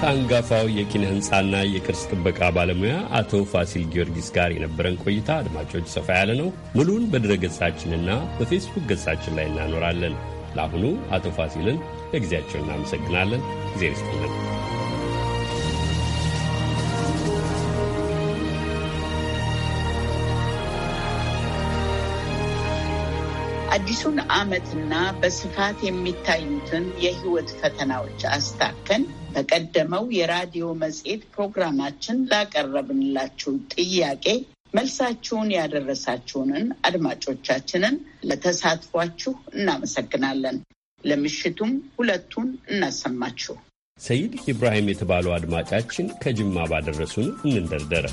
[SPEAKER 2] ከአንጋፋው የኪነ ህንፃና የቅርስ ጥበቃ ባለሙያ አቶ ፋሲል ጊዮርጊስ ጋር የነበረን ቆይታ አድማጮች ሰፋ ያለ ነው። ሙሉውን በድረ ገጻችንና በፌስቡክ ገጻችን ላይ እናኖራለን። ለአሁኑ አቶ ፋሲልን ለጊዜያቸው እናመሰግናለን። ጊዜ ይስጥልን።
[SPEAKER 1] አዲሱን ዓመትና በስፋት የሚታዩትን የህይወት ፈተናዎች አስታከን በቀደመው የራዲዮ መጽሔት ፕሮግራማችን ላቀረብንላችሁ ጥያቄ መልሳችሁን ያደረሳችሁንን አድማጮቻችንን ለተሳትፏችሁ እናመሰግናለን። ለምሽቱም ሁለቱን እናሰማችሁ።
[SPEAKER 2] ሰይድ ኢብራሂም የተባለው አድማጫችን ከጅማ ባደረሱን እንንደርደረ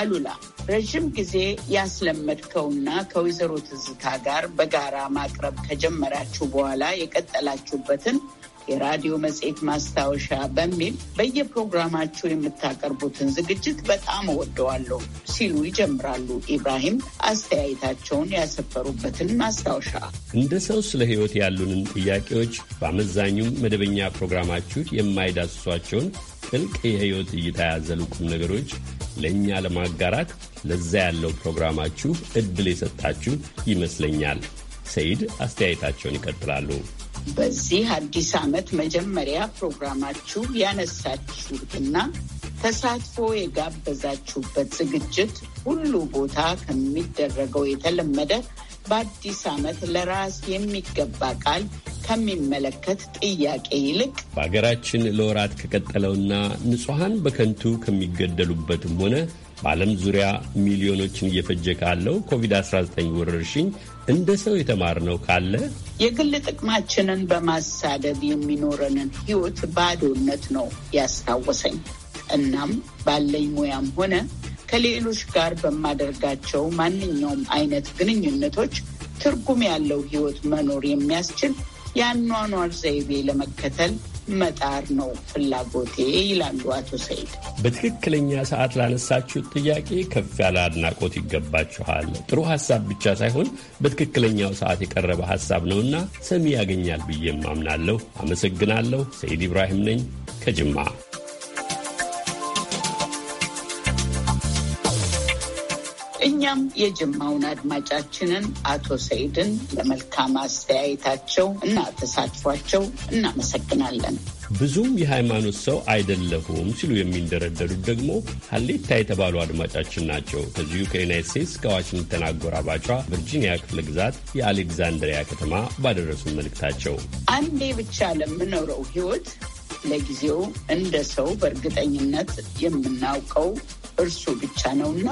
[SPEAKER 1] አሉላ ረዥም ጊዜ ያስለመድከውና ከወይዘሮ ትዝታ ጋር በጋራ ማቅረብ ከጀመራችሁ በኋላ የቀጠላችሁበትን የራዲዮ መጽሔት ማስታወሻ በሚል በየፕሮግራማችሁ የምታቀርቡትን ዝግጅት በጣም እወደዋለሁ ሲሉ ይጀምራሉ ኢብራሂም አስተያየታቸውን ያሰፈሩበትን ማስታወሻ።
[SPEAKER 2] እንደ ሰው ስለ ሕይወት ያሉንን ጥያቄዎች በአመዛኙም መደበኛ ፕሮግራማችሁ የማይዳስሷቸውን ጥልቅ የሕይወት እይታ ያዘሉ ቁም ነገሮች ለእኛ ለማጋራት ለዛ ያለው ፕሮግራማችሁ እድል የሰጣችሁ ይመስለኛል። ሰይድ አስተያየታቸውን ይቀጥላሉ።
[SPEAKER 1] በዚህ አዲስ ዓመት መጀመሪያ ፕሮግራማችሁ ያነሳችሁትና ተሳትፎ የጋበዛችሁበት ዝግጅት ሁሉ ቦታ ከሚደረገው የተለመደ በአዲስ ዓመት ለራስ የሚገባ ቃል ከሚመለከት ጥያቄ ይልቅ
[SPEAKER 2] በሀገራችን ለወራት ከቀጠለውና ንጹሐን በከንቱ ከሚገደሉበትም ሆነ በዓለም ዙሪያ ሚሊዮኖችን እየፈጀ ካለው ኮቪድ-19 ወረርሽኝ እንደ ሰው የተማርነው ካለ
[SPEAKER 1] የግል ጥቅማችንን በማሳደድ የሚኖረንን ሕይወት ባዶነት ነው ያስታወሰኝ። እናም ባለኝ ሙያም ሆነ ከሌሎች ጋር በማደርጋቸው ማንኛውም አይነት ግንኙነቶች ትርጉም ያለው ሕይወት መኖር የሚያስችል የአኗኗር ዘይቤ ለመከተል መጣር ነው ፍላጎቴ ይላሉ አቶ ሰይድ።
[SPEAKER 2] በትክክለኛ ሰዓት ላነሳችሁት ጥያቄ ከፍ ያለ አድናቆት ይገባችኋል። ጥሩ ሀሳብ ብቻ ሳይሆን በትክክለኛው ሰዓት የቀረበ ሀሳብ ነውና ሰሚ ያገኛል ብዬ ማምናለሁ። አመሰግናለሁ። ሰይድ ኢብራሂም ነኝ ከጅማ።
[SPEAKER 1] እኛም የጅማውን አድማጫችንን አቶ ሰይድን ለመልካም አስተያየታቸው እና ተሳትፏቸው እናመሰግናለን።
[SPEAKER 2] ብዙም የሃይማኖት ሰው አይደለሁም ሲሉ የሚንደረደሩት ደግሞ ሀሌታ የተባሉ አድማጫችን ናቸው። ከዚሁ ከዩናይት ስቴትስ ከዋሽንግተን አጎራባቿ ቨርጂኒያ ክፍለ ግዛት የአሌግዛንድሪያ ከተማ ባደረሱን መልእክታቸው
[SPEAKER 1] አንዴ ብቻ ለምኖረው ሕይወት ለጊዜው እንደ ሰው በእርግጠኝነት የምናውቀው እርሱ ብቻ ነውና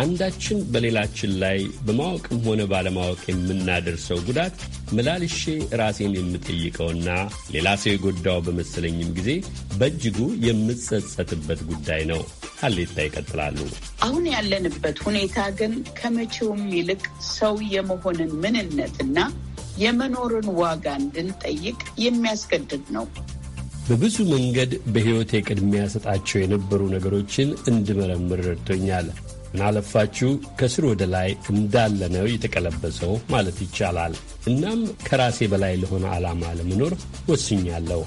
[SPEAKER 2] አንዳችን በሌላችን ላይ በማወቅም ሆነ ባለማወቅ የምናደርሰው ጉዳት መላልሼ ራሴን የምጠይቀውና ሌላ ሰው የጎዳው በመሰለኝም ጊዜ በእጅጉ የምጸጸትበት ጉዳይ ነው። ሀሌታ ይቀጥላሉ።
[SPEAKER 1] አሁን ያለንበት ሁኔታ ግን ከመቼውም ይልቅ ሰው የመሆንን ምንነትና የመኖርን ዋጋ እንድንጠይቅ የሚያስገድድ ነው።
[SPEAKER 2] በብዙ መንገድ በሕይወቴ ቅድሚያ ሰጣቸው የነበሩ ነገሮችን እንድመረምር ረድቶኛል። ምናለፋችሁ ከስር ወደ ላይ እንዳለ ነው የተቀለበሰው ማለት ይቻላል። እናም ከራሴ በላይ ለሆነ ዓላማ ለመኖር ወስኛለሁ።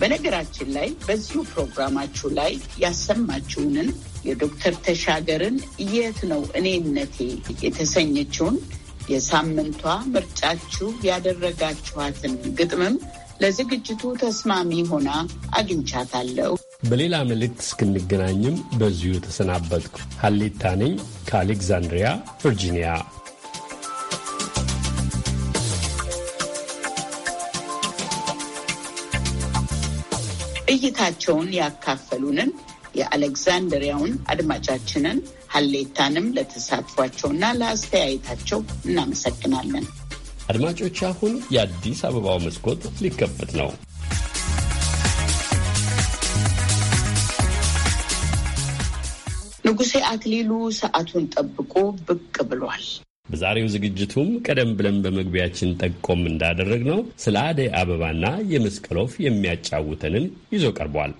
[SPEAKER 1] በነገራችን ላይ በዚሁ ፕሮግራማችሁ ላይ ያሰማችሁንን የዶክተር ተሻገርን የት ነው እኔነቴ የተሰኘችውን የሳምንቷ ምርጫችሁ ያደረጋችኋትን ግጥምም ለዝግጅቱ ተስማሚ ሆና አግኝቻታለሁ።
[SPEAKER 2] በሌላ መልእክት እስክንገናኝም በዚሁ ተሰናበትኩ። ሀሌታ ነኝ ከአሌክዛንድሪያ ቨርጂኒያ።
[SPEAKER 1] እይታቸውን ያካፈሉንን የአሌክዛንድሪያውን አድማጫችንን ሀሌታንም ለተሳትፏቸውና ለአስተያየታቸው
[SPEAKER 2] እናመሰግናለን። አድማጮች አሁን የአዲስ አበባው መስኮት ሊከበት ነው።
[SPEAKER 1] ንጉሴ አክሊሉ ሰዓቱን ጠብቆ ብቅ ብሏል።
[SPEAKER 2] በዛሬው ዝግጅቱም ቀደም ብለን በመግቢያችን ጠቆም እንዳደረግ ነው ስለ አደይ አበባና የመስቀል ወፍ የሚያጫውተንን ይዞ ቀርቧል።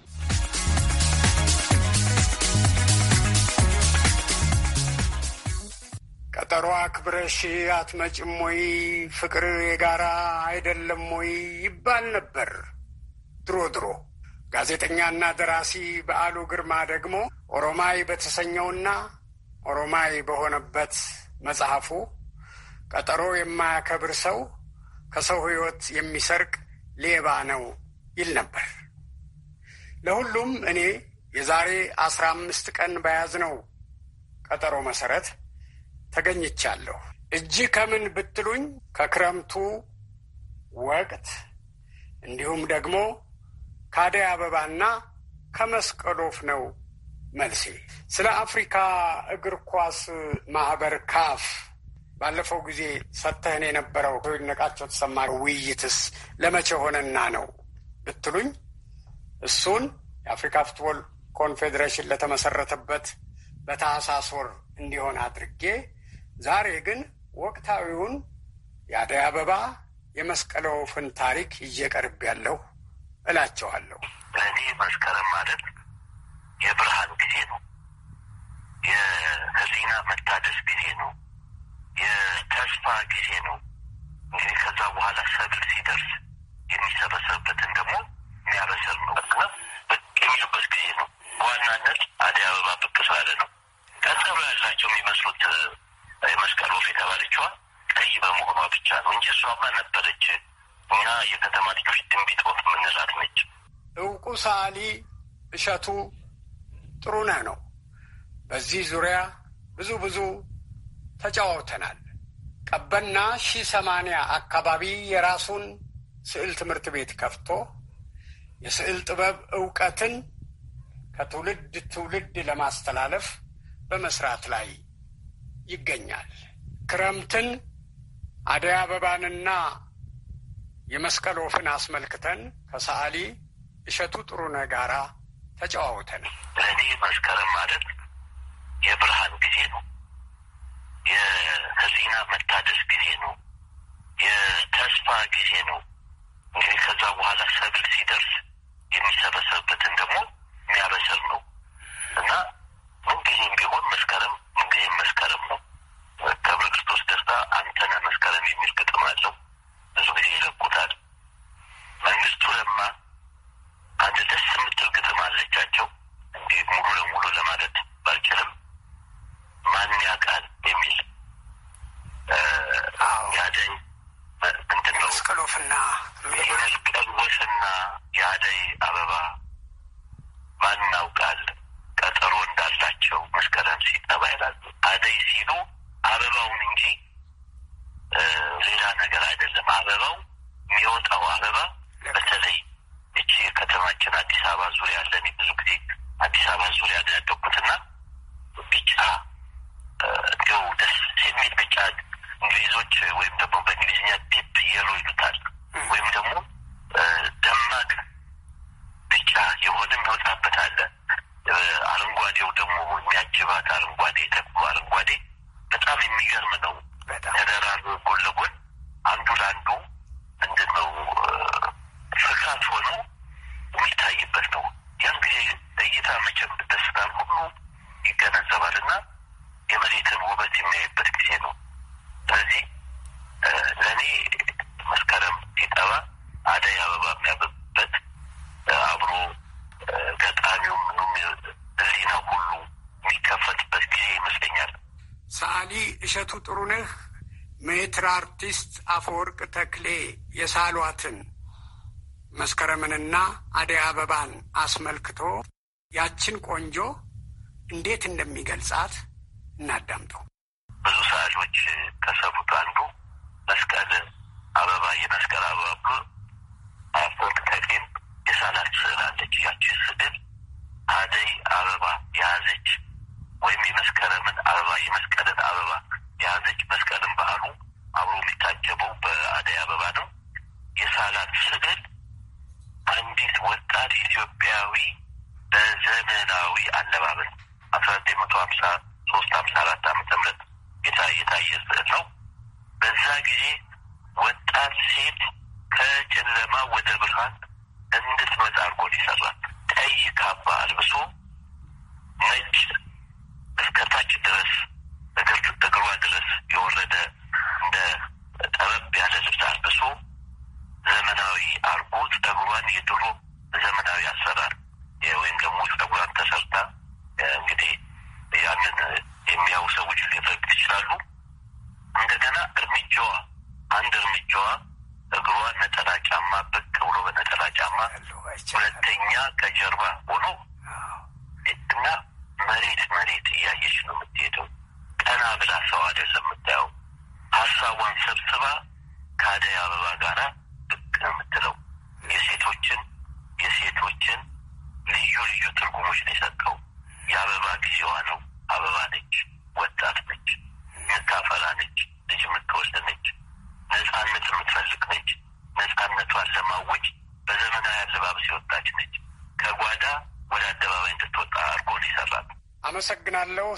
[SPEAKER 8] ቀጠሮ አክብረሽ አትመጭም ወይ? ፍቅር የጋራ አይደለም ወይ ይባል ነበር ድሮ ድሮ ጋዜጠኛና ደራሲ በዓሉ ግርማ ደግሞ ኦሮማይ በተሰኘውና ኦሮማይ በሆነበት መጽሐፉ ቀጠሮ የማያከብር ሰው ከሰው ሕይወት የሚሰርቅ ሌባ ነው ይል ነበር። ለሁሉም እኔ የዛሬ አስራ አምስት ቀን በያዝነው ቀጠሮ መሰረት ተገኝቻለሁ። እጅ ከምን ብትሉኝ ከክረምቱ ወቅት እንዲሁም ደግሞ ታዲያ አበባና ከመስቀል ወፍ ነው መልሴ። ስለ አፍሪካ እግር ኳስ ማህበር ካፍ ባለፈው ጊዜ ሰተህን የነበረው ነቃቸው ተሰማ ውይይትስ ለመቼ ሆነና ነው ብትሉኝ እሱን የአፍሪካ ፉትቦል ኮንፌዴሬሽን ለተመሰረተበት በታህሳስ ወር እንዲሆን አድርጌ ዛሬ ግን ወቅታዊውን የአደይ አበባ የመስቀለ ወፍን ታሪክ እየቀርብ ያለሁ እላቸዋለሁ። ስለዚህ መስከረም ማለት የብርሃን ጊዜ ነው። የህሊና መታደስ ጊዜ ነው።
[SPEAKER 9] የተስፋ ጊዜ ነው። እንግዲህ ከዛ በኋላ ሰብል ሲደርስ የሚሰበሰብበትን ደግሞ የሚያበስር ነው እና ብቅ የሚሉበት ጊዜ ነው። በዋናነት አደይ አበባ ብቅ ስላለ ነው። ቀጠሎ ያላቸው የሚመስሉት የመስቀል ወፍ የተባለችዋ ቀይ በመሆኗ ብቻ ነው እንጂ እሷማ ነበረች እኛ የከተማ ልጆች
[SPEAKER 8] ድንቢጥ ወፍ የምንላት ነች። እውቁ ሰዓሊ እሸቱ ጥሩነህ ነው። በዚህ ዙሪያ ብዙ ብዙ ተጫዋውተናል። ቀበና ሺ ሰማንያ አካባቢ የራሱን ስዕል ትምህርት ቤት ከፍቶ የስዕል ጥበብ እውቀትን ከትውልድ ትውልድ ለማስተላለፍ በመስራት ላይ ይገኛል። ክረምትን አደይ አበባንና የመስቀል ወፍን አስመልክተን ከሰዓሊ እሸቱ ጥሩነ ጋራ ተጨዋውተናል። ለእኔ
[SPEAKER 9] መስከረም ማለት
[SPEAKER 8] የብርሃን ጊዜ ነው። የህሊና
[SPEAKER 9] መታደስ ጊዜ ነው። የተስፋ ጊዜ ነው። እንግዲህ ከዛ በኋላ ሰብል ሲደርስ የሚሰበሰብበትን ደግሞ የሚያበስር ነው እና ምንጊዜም ቢሆን መስከረም ምንጊዜም መስከረም ነው። ገብረ ክርስቶስ ደስታ አንተነህ መስከረም የሚል ግጥም አለው። ብዙ ጊዜ ይለቁታል። መንግስቱ ለማ አንድ ደስ የምት
[SPEAKER 8] አፈወርቅ ተክሌ የሳሏትን መስከረምንና አደይ አበባን አስመልክቶ ያችን ቆንጆ እንዴት እንደሚገልጻት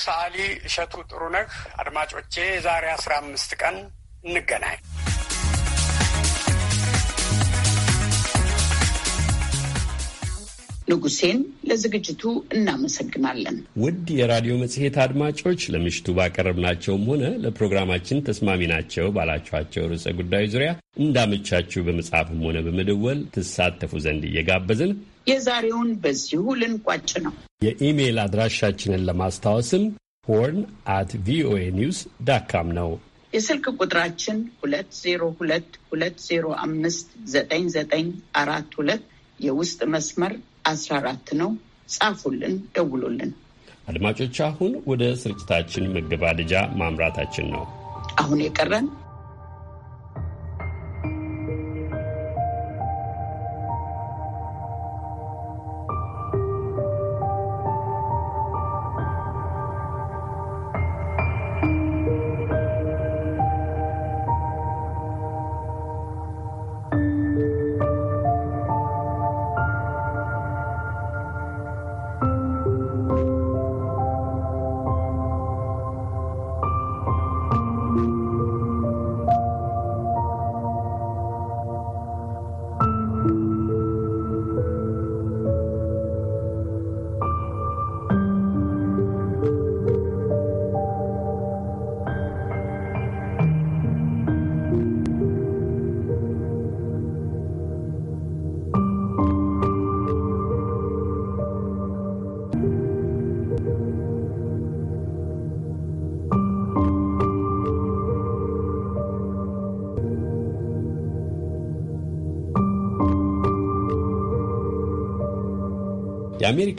[SPEAKER 8] ሰዓሊ እሸቱ ጥሩነህ። አድማጮቼ የዛሬ አስራ አምስት ቀን እንገናኝ።
[SPEAKER 1] ንጉሴን ለዝግጅቱ እናመሰግናለን።
[SPEAKER 2] ውድ የራዲዮ መጽሔት አድማጮች ለምሽቱ ባቀረብናቸውም ሆነ ለፕሮግራማችን ተስማሚ ናቸው ባላችኋቸው ርዕሰ ጉዳዮች ዙሪያ እንዳመቻችሁ በመጻፍም ሆነ በመደወል ትሳተፉ ዘንድ እየጋበዝን
[SPEAKER 1] የዛሬውን በዚሁ ልንቋጭ ነው።
[SPEAKER 2] የኢሜይል አድራሻችንን ለማስታወስም ሆርን አት ቪኦኤ ኒውስ ዳካም ነው።
[SPEAKER 1] የስልክ ቁጥራችን 2022059942 የውስጥ መስመር 14 ነው። ጻፉልን፣ ደውሉልን።
[SPEAKER 2] አድማጮች አሁን ወደ ስርጭታችን መገባደጃ ማምራታችን ነው።
[SPEAKER 1] አሁን የቀረን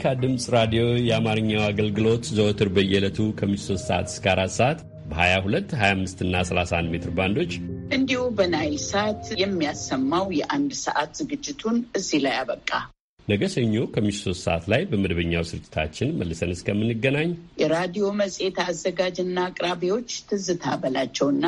[SPEAKER 2] የአሜሪካ ድምፅ ራዲዮ የአማርኛው አገልግሎት ዘወትር በየዕለቱ ከምሽቱ 3 ሰዓት እስከ 4 ሰዓት በ22፣ 25 እና 31 ሜትር ባንዶች
[SPEAKER 1] እንዲሁ በናይል ሳት የሚያሰማው የአንድ ሰዓት ዝግጅቱን እዚህ ላይ አበቃ።
[SPEAKER 2] ነገ ሰኞ ከምሽቱ 3 ሰዓት ላይ በመደበኛው ስርጭታችን መልሰን እስከምንገናኝ
[SPEAKER 1] የራዲዮ መጽሔት አዘጋጅና አቅራቢዎች ትዝታ በላቸውና